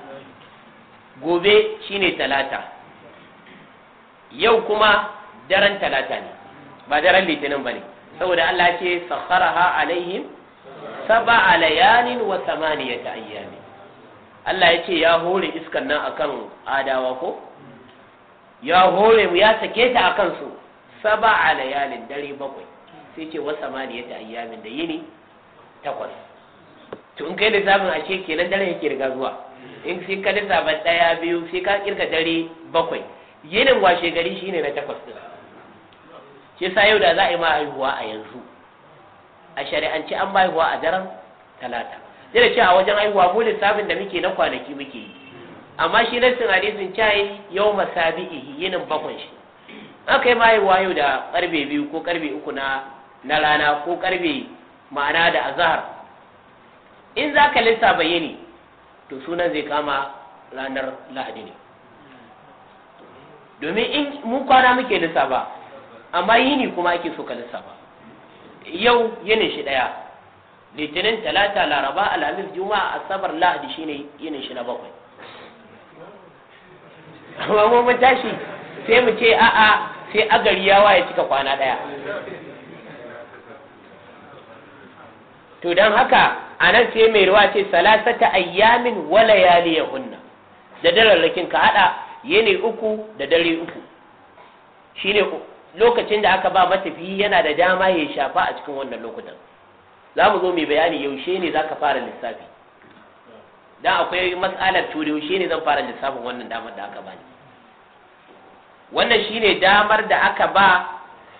[SPEAKER 1] gobe shine talata yau kuma daren talata ne ba daren litinin ba ne saboda Allah ce sakharaha alaihim saba a wa samaniyata ayyami Allah ya ce ya hore iskan nan akan adawa ko ya hore mu ya sake ta akan su saba a layalin dare bakwai sai ce wasa ma da yadda ayyamin da yini takwas to in kai lissafin ce kenan dare yake riga zuwa in sai ka lissafa ɗaya biyu sai ka kirka dare bakwai yinin washe gari shine na takwas din shi sa yau da za a yi ma haihuwa a yanzu a shari'ance an haihuwa a daren talata da cewa a wajen haihuwa mu lissafin da muke na kwanaki muke yi amma shi na nassin hadisin cayi yau masabi'ihi yinin bakon shi aka yi mahaihuwa yau da karbe biyu ko karbe uku na na rana ko karbe ma'ana da azahar in za ka lissa yini to sunan zai kama ranar lahadi ne domin in mu kwana muke lissa ba, amma yini kuma ake so ka lissa ba. yau yinin shi ɗaya litinin talata laraba alhamis juma'a asabar lahadi shine yinin shi na bakwai amma mu mun tashi sai mu ce a'a sai agari yawa ya cika kwana daya to dan haka Anan nan sai mai ruwa ce salasata ayyamin wa layaliyahunna da dararrakin ka hada yini uku da dare uku shine lokacin da aka ba matafiyi yana da dama ya shafa a cikin wannan lokutan za mu zo mai bayani yaushe ne za ka fara lissafi dan akwai matsalar to yaushe ne zan fara lissafin wannan damar da aka bani wannan shi ne damar da aka ba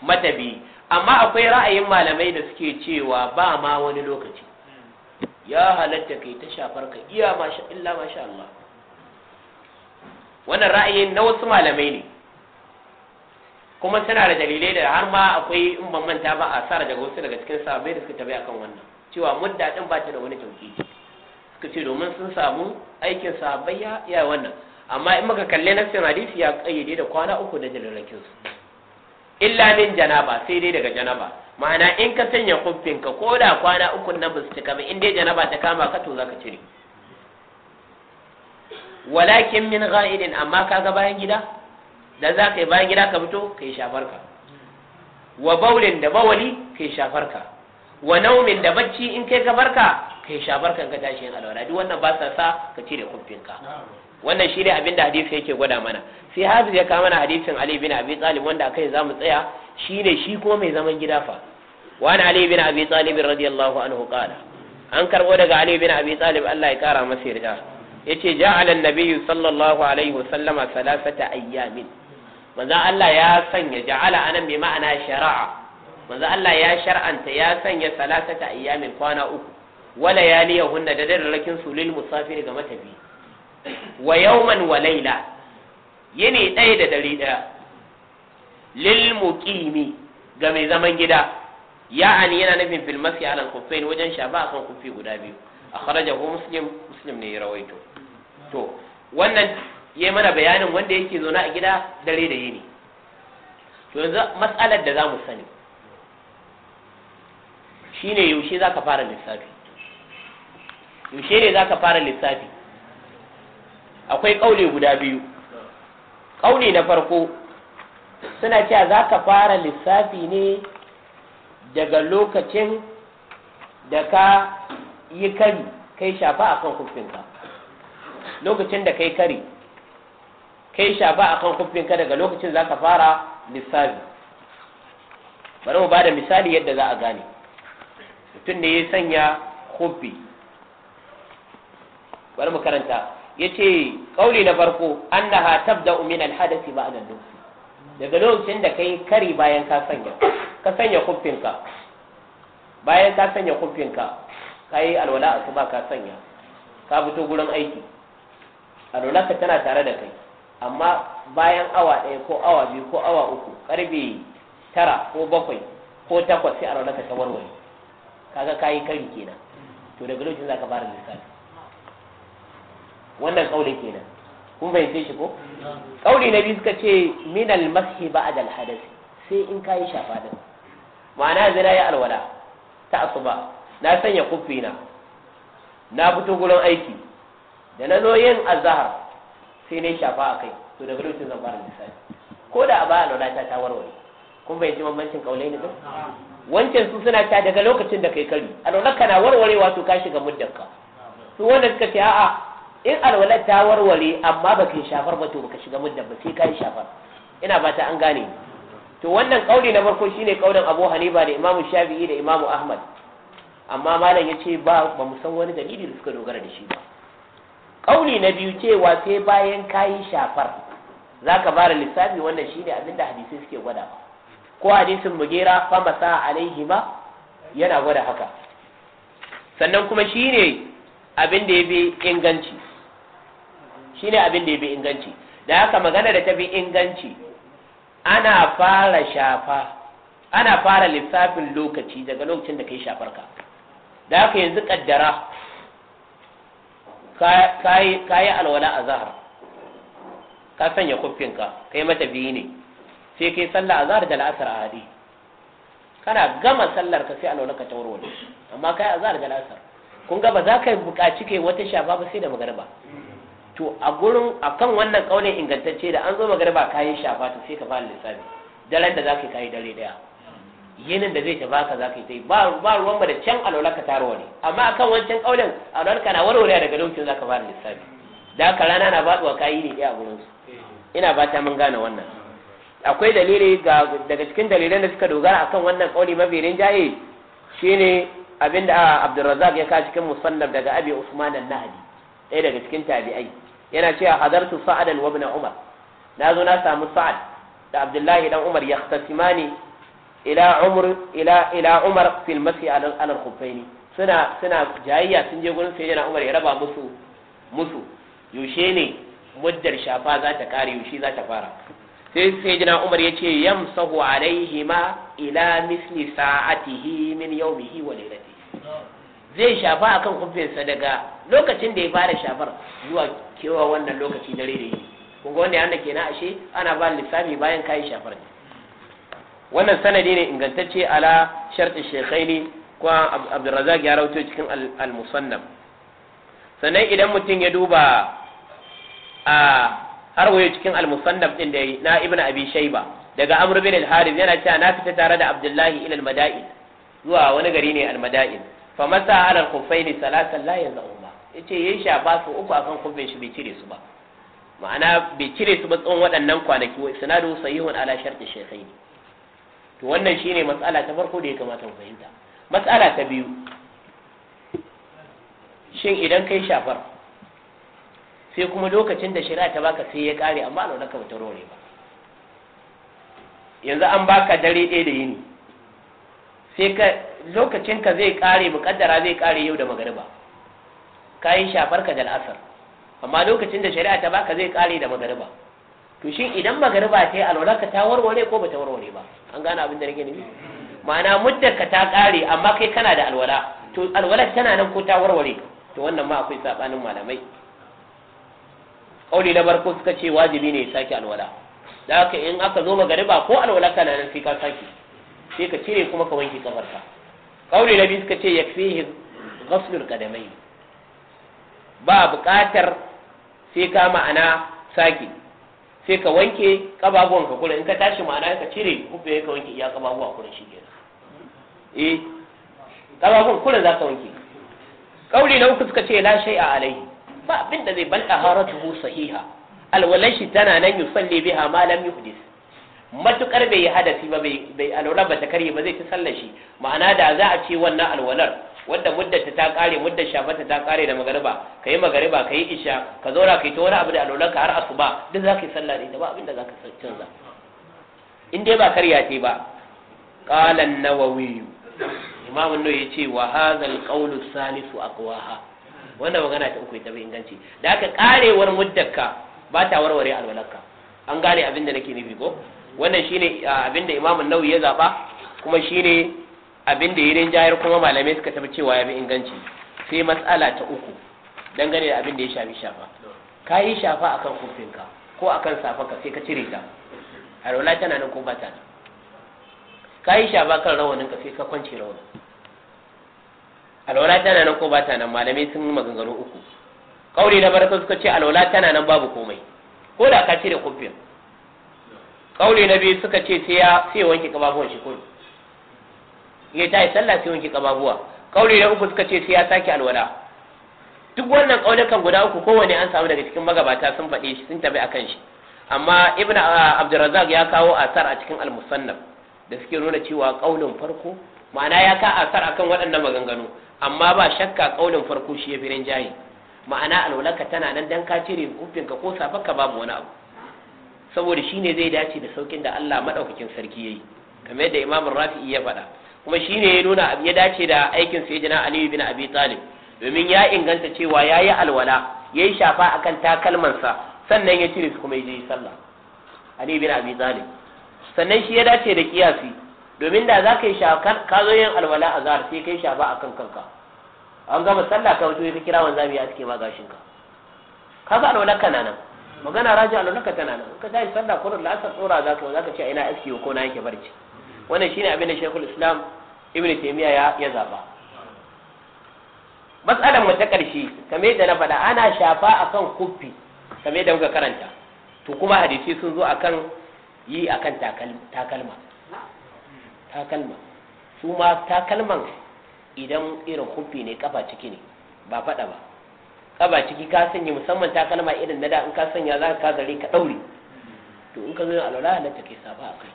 [SPEAKER 1] matabi amma akwai ra'ayin malamai da suke cewa ba ma wani lokaci ya halatta kai ta shafar ka iya masha illa masha Allah wannan ra'ayin na wasu malamai ne kuma tana da dalilai da har ma akwai in ban manta ba a sara daga wasu daga cikin bai da suka tabi akan wannan cewa mudda din ba ta da wani tauki suka ce domin sun samu aikin sahabbai ya wannan amma in muka kalle nafsin hadisi ya kayyade da kwana uku da jalalakin su illa min janaba sai dai daga janaba ma'ana in ka sanya ka ko da kwana uku na bisu cika in dai janaba ta kama ka to zaka cire walakin min gha'idin amma kaga bayan gida Da za ka yi bayan gida ka fito ka yi shafar ka wa baulin da bawali ka yi shafar ka wa naumin da bacci in kai ka barka ka yi shafar ka ka tashi yin alwala duk wannan ba sa sa ka cire kuffinka. wannan shi ne abin da hadisi yake gwada mana sai hafiz ya kama na hadisin ali bin abi talib wanda kai za mu tsaya shi ne shi ko mai zaman gida fa wa na ali bin abi talib radiyallahu anhu qala an karbo daga ali bin abi talib Allah ya kara masa yarda yace ja'ala an-nabiy sallallahu alaihi wasallama salasata ayyamin manzon Allah ya sanya ja'ala anan bi ma'ana shari'a. manzon Allah ya shar'anta ya sanya salasata ayyamin kwana uku wala yaliyahunna da darrakin su lil musafir ga matafi wa yawman wa layla yini ɗaya da dare ɗaya lil muqimi ga mai zaman gida ya'ani yana nufin fil masi ala wajen shafa akan kufi guda biyu akhrajahu muslim muslim ne ya rawaito to wannan Yi mana bayanin wanda yake zaune a gida dare da yini to yanzu matsalar da za mu sani shine yaushe za ka fara lissafi yaushe ne za ka fara lissafi akwai ƙaule guda biyu ƙaule na farko suna cewa za ka fara lissafi ne daga lokacin da ka yi kari kai shafa a kan kufinka lokacin da kai kari kai shafa akan ka daga lokacin za ka fara lissafi bari mu bada misali yadda za a gane mutum ne ya sanya kufi bari mu karanta ya ce ƙauli na farko hatab da umin alhadasi ba'da nufi daga lokacin da kai kari bayan ka sanya ka sanya ka. bayan ka sanya kufinka ka yi alwala asuba ka sanya ka fito gurin aiki alwala ka tana tare da kai amma bayan awa ɗaya ko awa biyu ko awa uku karbe tara ko bakwai ko takwas sai a ranar ka warware kaga kayi karin kenan to daga lokacin za ka fara lissafi wannan kaulin kenan kun fahimce shi ko kauli na biyu suka ce minal mashi ba'da alhadasi sai in kayi shafa din ma'ana yanzu na yi alwala ta asuba na sanya kufina na fito gurin aiki da na zo yin azahar sai ne shafa a kai to daga lokacin zan fara misali ko da a baya lura ta warware kun bai ji bambancin kaulai ne ba? wancan su suna ta daga lokacin da kai kari alwalar ka na warwarewa to ka shiga muddanka su wanda suka ce a'a in alwala ta warware amma ba kai shafar ba to baka shiga muddan ba sai ka yi shafar ina ba ta an gane to wannan kauli na farko shine kaulin Abu Hanifa da Imamu Shafi'i da Imamu Ahmad amma malam yace ba ba mu san wani dalili da suka dogara da shi ba ƙauni na biyu cewa sai bayan ka yi shafar za ka fara lissafi wannan shine abin da hadisai suke gwada ba ko hadisin mugera alaihi alaihima yana gwada haka sannan kuma shine abin da ya bi inganci ne abin da ya bi inganci da haka magana da ta bi inganci ana fara shafa ana fara lissafin lokaci daga lokacin da ka shafar ka da haka yanzu kaddara ka yi alwala a zahar ka sanya kufinka ka yi mata biyu ne sai ka yi sallah a zahar da la'asar a hadi kana gama sallar ka sai alwala ka tauro ne amma ka yi a zahar da la'asar kun gaba za ka buƙaci kai wata shafa ba sai da magariba to a gurin a kan wannan ƙaunin ingantacce da an zo magariba ka yi shafa to sai ka fara lissafi daren da za ka yi dare daya yinin da zai tafi baka za ka yi ta yi ba ruwan ba da can alwala ka tarowa ne amma akan wancan ƙaunin alwala ka na warware daga lokacin za ka fara lissafi da haka rana na batsuwa kayi ne ɗaya a gurinsu ina ba ta mun gane wannan akwai dalili daga cikin dalilan da suka dogara akan wannan ƙaunin mafi rinjaye shine abin da ah, abdulrazak ya kawo cikin musannaf daga abi usman al nahdi ɗaya daga cikin tabi'ai yana cewa hadartu sa'ad wa ibn umar na zo na samu sa'ad da abdullahi dan umar ya yahtasimani ila umar ila ila umar fil masi ala al khufaini suna suna jayayya sun je gurin sayyidina umar ya raba musu musu yaushe ne muddar shafa za ta kare yaushe za ta fara sai sayyidina umar ya ce yamsahu alaihima ila misli sa'atihi min yawmihi wa lailatihi zai shafa akan kufinsa daga lokacin da ya fara shafar zuwa kewa wannan lokaci dare da yi kun ga wanda yana kenan ashe ana ba lissafi bayan kai shafar ne wannan sanadi ne ingantacce ala sharti shekhaini ko abdurrazak ya rawaito cikin al-musannaf sannan idan mutum ya duba a har waye cikin al-musannaf din da na ibn abi shayba daga amr bin al-harith yana cewa na fita tare da abdullahi ila al-mada'in zuwa wani gari ne al-mada'in fa masa ala al-khuffaini salatan la yazuma yace yayi shafa su uku akan kubbin shi bai cire su ba ma'ana bai cire su ba tsawon waɗannan kwanaki wa sanadu sahihun ala sharti shaykhaini to wannan shine matsala ta farko da ya kamata mu fahimta matsala ta biyu shin idan kai shafar sai kuma lokacin da shari'a ta baka sai ya kare amma alwala ka bata rore ba yanzu an baka dare ɗaya da yini sai ka lokacin ka zai kare muƙaddara zai kare yau da magariba yi shafar ka da al'asar amma lokacin da shari'a ta baka zai kare da magariba to shin idan magariba ta yi alwalarka ta warware ko ba ta warware ba an gane abin da nake nufi ma'ana ka ta kare amma kai kana da alwala to alwalar tana nan ko ta warware to wannan ma akwai sabanin malamai kauli na barko suka ce wajibi ne ya sake alwala da haka in aka zo magariba ko alwala kana nan sai ka sake sai ka cire kuma ka wanke kafarka kauli na biyu suka ce yakfihi ghaslul qadamai ba buƙatar sai ka ma'ana sake sai ka wanke kababuwan ka kurin in ka tashi ma'ana ka cire hubbe ka wanke iya kababuwa kurin shi ke eh kababuwan kurin za ka wanke kauli na uku suka ce la a alai? ba abin da zai haratu taharatuhu sahiha Alwalashi shi tana nan yi yusalli biha malam lam hudis matukar bai yi hadasi ba bai alwala ba ta karye ba zai ci sallashi. ma'ana da za a ce wannan alwalar wanda muddata ta kare muddar shafata ta kare da magariba ka yi magariba ka yi isha ka zauna ka yi ta wani abu da ka har asuba duk za ka yi sallah da ita ba abin da za ka canza in dai ba karya ce ba qalan nawawi imam nawa ya ce wa Hazal al-qawlu salisu aqwaha wannan magana ta uku ita bai inganci da aka karewar muddaka ba ta warware ka an gane abin da nake nufi ko wannan shine ah, abin da imam nawa ya zaba kuma shine abin da yirin jayar kuma malamai suka tafi cewa ya bi inganci sai matsala ta uku dangane da abin da ya shafi shafa ka yi shafa a kan kofinka ko a kan safanka sai ka cire ta rauna tana nan ko ba ta ka yi shafa kan rawaninka sai ka kwance a rauna tana nan ko ba ta nan malamai sun yi maganganu uku kauri na farko suka ce a rauna tana nan babu komai ko da ka cire kofin kauri na biyu suka ce sai ya sai wanke kafafuwan shi kawai ya yi sallah sai wanke kababuwa kauli na uku suka ce sai ya sake alwala duk wannan kaulukan guda uku kowane an samu daga cikin magabata sun faɗe shi sun tabi akan shi amma ibn ah, abdurrazzaq ya kawo asar a cikin al da suke nuna cewa kaulin farko ma'ana ya ka asar akan waɗannan maganganu amma ba shakka kaulin farko shi ya firin jayi ma'ana alwalaka tana nan dan ka cire ka ko ka babu wani abu saboda shine zai dace da saukin da Allah madaukakin sarki yayi kamar yadda Imam Rafi'i ya faɗa kuma shine ya nuna ya dace da aikin sayyidina Ali bin Abi Talib domin ya inganta cewa yayi alwala yayi shafa akan takalmansa sannan ya cire su kuma ya je sallah Ali bin Abi Talib sannan shi ya dace da kiyasi domin da zaka yi shafa ka zo yin alwala zahar sai kai shafa akan kanka an gama sallah ka wato ka kira wanda zamu yi ma gashin ka kaga alwala kana nan magana raji alwala ka tana nan ka tashi sallah kullun la'asar tsora zaka zaka ce ina aski ko na yake barci wannan shine abin da shekul islam ibn taimiyya ya ya zaba matsalar mu ta karshe kamar yadda na faɗa ana shafa akan kuffi kamar yadda muka karanta to kuma hadisi sun zo akan yi akan takalma takalma su ma takalman idan irin kuffi ne kafa ciki ne ba faɗa ba kafa ciki ka sanya musamman takalma irin na da in ka sanya za ka gare ka ɗaure to in ka zo alwala halatta ke safa kai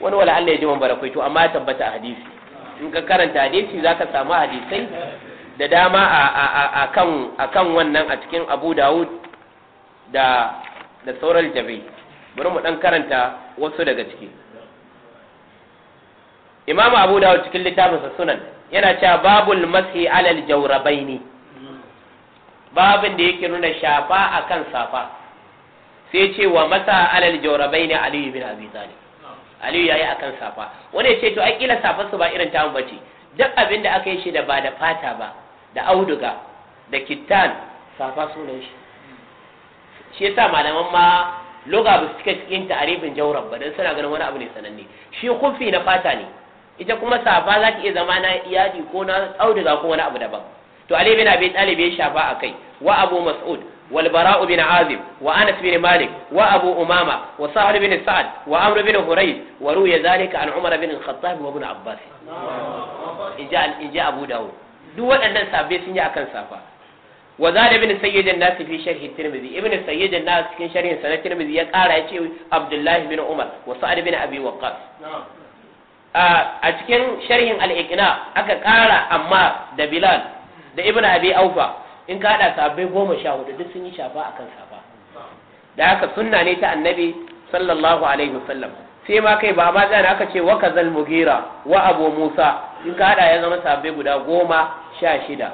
[SPEAKER 1] wani wala Allah ya ji man barakai to amma ya tabbata a hadisi in ka karanta hadisi zaka samu hadisai da dama a kan kan wannan a cikin Abu Dawud da da sauran jabi bari mu dan karanta wasu daga ciki Imam Abu Dawud cikin sa Sunan yana cewa babul mashi alal jawrabaini babin da yake nuna shafa akan safa sai ce wa masa alal jawrabaini Ali bin Abi Talib aliyu ya yi a kan safa wani ya ce to ai kila safar su ba irin tamu bace duk abin da aka yi shi da ba da fata ba da auduga da kittan safa sunan shi shi yasa malaman ma loga ba su cika cikin ta'aribin jawrab ba dan suna ganin wani abu ne sananne shi kufi na fata ne ita kuma safa za ta iya zama na iyadi ko na auduga ko wani abu daban to ali bin bai ɗalibi ya shafa kai wa abu mas'ud والبراء بن عازب وأنس بن مالك وأبو أمامة وسهل بن سعد وعمرو بن هريج وروي ذلك عن عمر بن الخطاب وابن عباس إن جاء إن جاء أبو داود دو أن سابي سنجا أكن سافا وزاد ابن سيد الناس في شرح الترمذي ابن سيد الناس كان شرح سنة الترمذي يقال عبد الله بن عمر وسعد بن أبي وقاص a cikin sharhin al'ikina aka ƙara amma da bilal da ibn abi aufa in ka haɗa sahabbai goma sha hudu duk sun yi shafa akan safa da haka sunna ne ta annabi sallallahu alaihi wasallam sai ma kai ba ma zan aka ce wa kazal mugira wa abu musa in ka haɗa ya zama sahabbai guda goma sha shida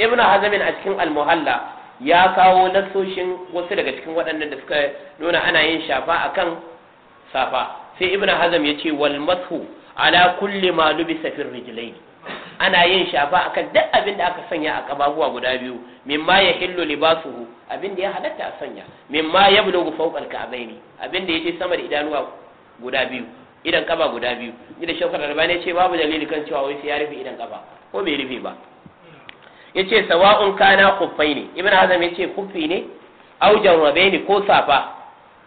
[SPEAKER 1] ibnu hazamin a cikin almuhalla ya kawo nassoshin wasu daga cikin waɗannan da suka nuna ana yin shafa akan safa sai ibnu hazam ya ce wal mashu ala kulli ma lubisa fi rijlaini ana yin shafa akan duk abin da aka sanya a ƙabaguwa guda biyu ma ya hillu libasuhu abin da ya halatta a sanya ma ya bulugu fawqal ka'baini abin da yake sama da idanuwa guda biyu idan kaba guda biyu ni da shafar ya ce babu dalili kan cewa wai sai ya rufe idan kaba ko bai rufe ba yace sawa'un kana khuffaini ibn ya yace kuffi ne aw jarrabaini ko safa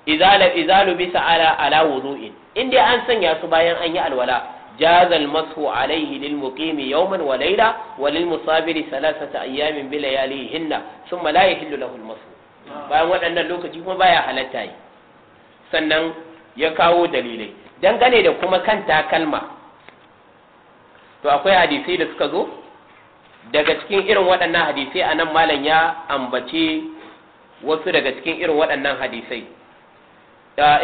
[SPEAKER 1] izalu bisa ala ala wudu'in in dai an sanya su bayan an yi alwala جاز المسح عليه للمقيم يوما وليلة وللمصابر ثلاثة أيام بلياليهن ثم لا يحل له المسح bayan waɗannan lokaci kuma baya halatta yi sannan ya kawo dalilai dangane da kuma kan takalma to akwai hadisai da suka zo daga cikin irin waɗannan hadisai a nan malam ya ambace wasu daga cikin irin waɗannan hadisai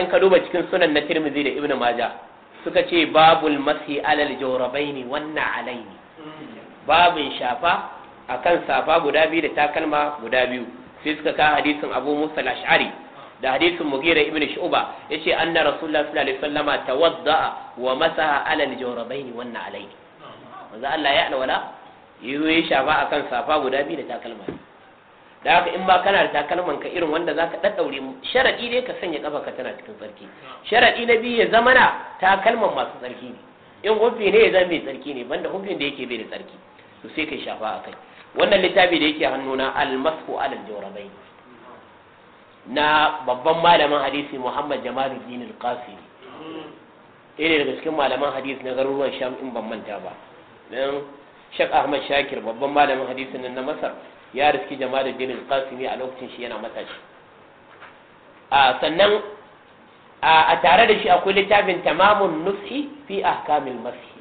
[SPEAKER 1] in ka duba cikin sunan na tirmizi da ibn majah suka ce babul mashi alal ne wannan ne babin shafa akan safa guda biyu da takalma guda biyu sai suka ka hadisin Abu Musa lashari da hadisin mugira ibn Shu'ba an na Rasulullah sallallahu alaihi ta wadda wa masa alal ne wannan alaini wanzu Allah ya alwala yayi shafa akan safa guda biyu da takalma da haka in ba kana da takalman ka irin wanda zaka daddaure mu sharadi ne ka sanya kafa ka tana cikin sarki sharadi na biyu ya zama na takalman masu tsarki ne in hufi ne ya zama mai tsarki ne banda hufin da yake bai da sarki to sai kai shafa a kai wannan littafi da yake hannuna almasku alal jawrabai na babban malamin hadisi Muhammad Jamaluddin al-Qasimi daga cikin malaman hadisi na garuruwan Sham in ban manta ba dan Sheikh Ahmad Shakir babban malamin hadisi nan na Masar ya riski jama'a da jinin kasumi a lokacin shi yana matashi a sannan a tare da shi akwai littafin tamamun nufi fi ahkamil masi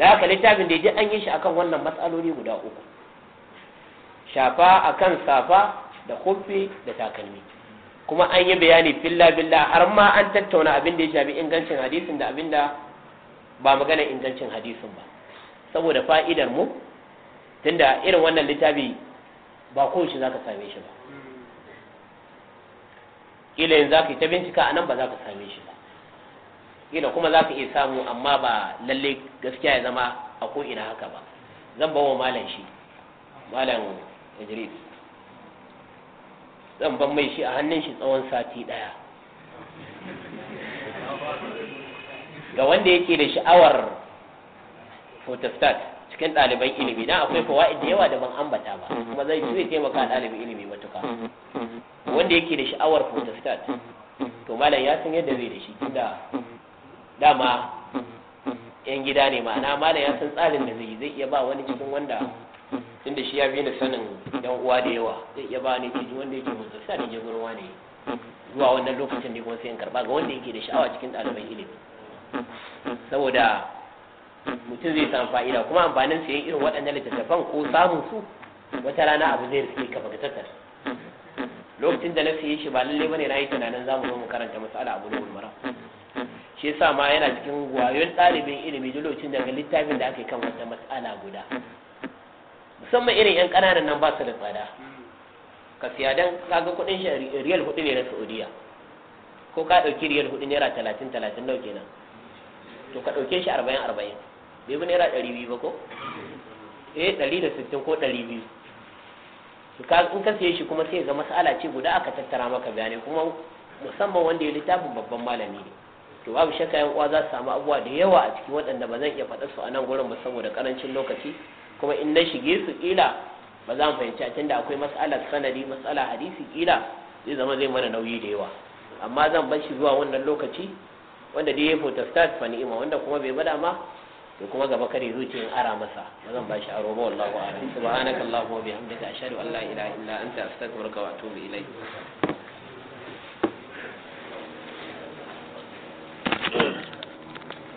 [SPEAKER 1] da haka littafin da ya an yi shi akan wannan matsaloli guda uku shafa akan safa da kofi da takalmi kuma an yi bayani billa billa har ma an tattauna abin da ya shafi ingancin hadisin da abin da ba maganar ingancin hadisin ba saboda fa'idar mu tunda irin wannan littafi ba ko shi zaka same shi ba ila yanzu zaka ta bincika anan nan ba za same shi ba ila kuma zaka iya samu amma ba lalle gaskiya ya zama a ko ina haka ba zan ba wa malam shi malam idris zan ban mai shi a hannun shi tsawon sati ɗaya ga wanda yake da sha'awar photostat cikin ɗaliban ilimi dan akwai fawaid da yawa da ban ambata ba kuma zai zai taimaka ɗalibin ilimi matuka wanda yake da sha'awar protestant to malam ya san yadda zai da shi tunda dama yan gida ne ma'ana malam ya san tsarin da zai zai iya ba wani cikin wanda tunda shi ya bi da sanin yan uwa da yawa zai iya ba wani cikin wanda yake protestant ya gurin wani zuwa wannan lokacin ne kuma sai in karba ga wanda yake da sha'awa cikin ɗaliban ilimi saboda mutum zai samu fa'ida kuma amfanin siyan irin waɗannan littattafan ko samun su wata rana abu zai rufe ka baka tattar lokacin da na siye shi ba lalle bane na yi tunanin zamu zo mu karanta masala abu da ulmara shi yasa ma yana cikin wayon ɗalibin ilimi duk lokacin daga littafin da aka yi kan wata matsala guda musamman irin yan ƙananan nan ba su da tsada ka siya dan ga kuɗin shi riyal hudu ne na saudiya ko ka ɗauki riyal hudu naira talatin talatin nau kenan to ka ɗauke shi arba'in arba'in bai bi naira ɗari biyu ba ko eh ɗari da sittin ko ɗari biyu ka in ka siye shi kuma sai ga mas'ala ce guda aka tattara maka bayanai kuma musamman wanda ya littafin babban malami ne to babu shakka yan uwa za su samu abubuwa da yawa a cikin waɗanda ba zan iya faɗa su a nan gurin ba saboda ƙarancin lokaci kuma in na shige su kila ba za mu fahimci a da akwai mas'ala sanadi mas'ala hadisi kila zai zama zai mana nauyi da yawa amma zan bar shi zuwa wannan lokaci wanda dai ya photostat fa wanda kuma bai bada ma to kuma gaba kare zo ce in ara masa ba zan bashi aro ba wallahu a'lam subhanakallahumma wa bihamdika ashhadu an la ilaha illa anta
[SPEAKER 2] astaghfiruka wa atubu ilayk